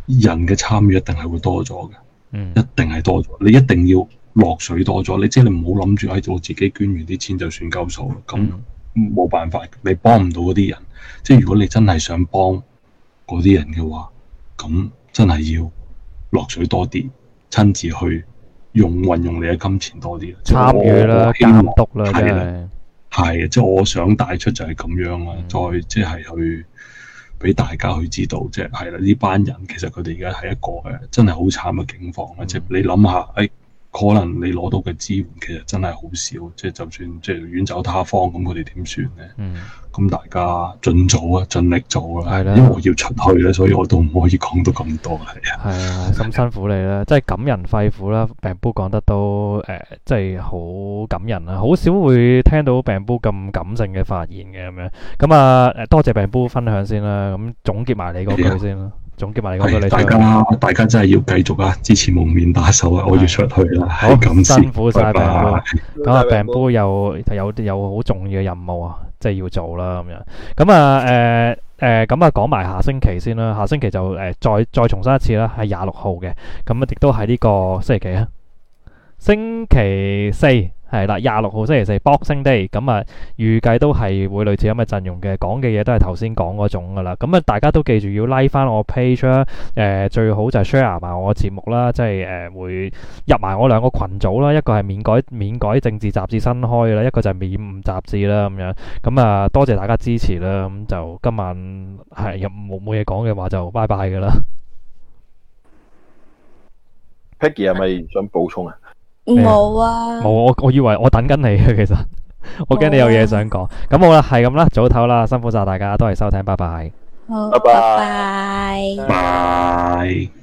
人嘅參與一定係會多咗嘅，嗯、一定係多咗。你一定要落水多咗，你即係、就是、你唔好諗住喺度自己捐完啲錢就算夠數啦。咁冇、嗯、辦法，你幫唔到嗰啲人。即係如果你真係想幫嗰啲人嘅話，咁真係要落水多啲，親自去用運用你嘅金錢多啲。參與啦，監督啦，係係即係我想帶出就係咁樣啦，嗯、再即係去俾大家去知道，即係，係啦呢班人其實佢哋而家係一個誒，真係好慘嘅境況。啦、嗯，即係你諗下，誒、哎。可能你攞到嘅支援其實真係好少，即係就算即係遠走他方，咁佢哋點算咧？嗯，咁大家盡早啊，盡力做啦。係啦的，因為我要出去咧，所以我都唔可以講到咁多係啊。係啊，咁辛苦你啦，即係的感人肺腑啦。病煲講得都誒，即係好感人啊！好少會聽到病煲咁感性嘅發言嘅咁樣。咁啊，多謝病煲分享先啦。咁總結埋你嗰句先啦。總結埋你嗰個，的對大家對大家真係要繼續啊！支持蒙面打手啊！的我要出去啦，好次辛苦晒啦，咁啊，病煲又有有好重要嘅任務啊，即、就、係、是、要做啦咁樣。咁啊，誒、呃、誒，咁、呃、啊，講、呃、埋下星期先啦。下星期就誒、呃，再再重新一次啦，係廿六號嘅。咁啊、這個，亦都係呢個星期幾啊？星期四。係啦，廿六號星期四 Boxing Day，咁啊預計都係會類似咁嘅陣容嘅，講嘅嘢都係頭先講嗰種噶啦，咁、嗯、啊大家都記住要拉、like、翻我 page 啦、呃，誒最好就係 share 埋我節目啦，即係誒、呃、會入埋我兩個群組啦，一個係免改免改政治雜誌新開啦，一個就係免誤雜誌啦咁樣，咁、嗯、啊多謝大家支持啦，咁、嗯、就今晚係冇冇嘢講嘅話就拜拜噶啦，Peggy 係咪想補充啊？ [laughs] 冇、嗯、啊！冇啊。我以為我等緊你啊！其實我驚你有嘢想講。咁、啊、好啦，係咁啦，早唞啦，辛苦晒大家，多謝收聽，拜拜，好拜拜，拜拜。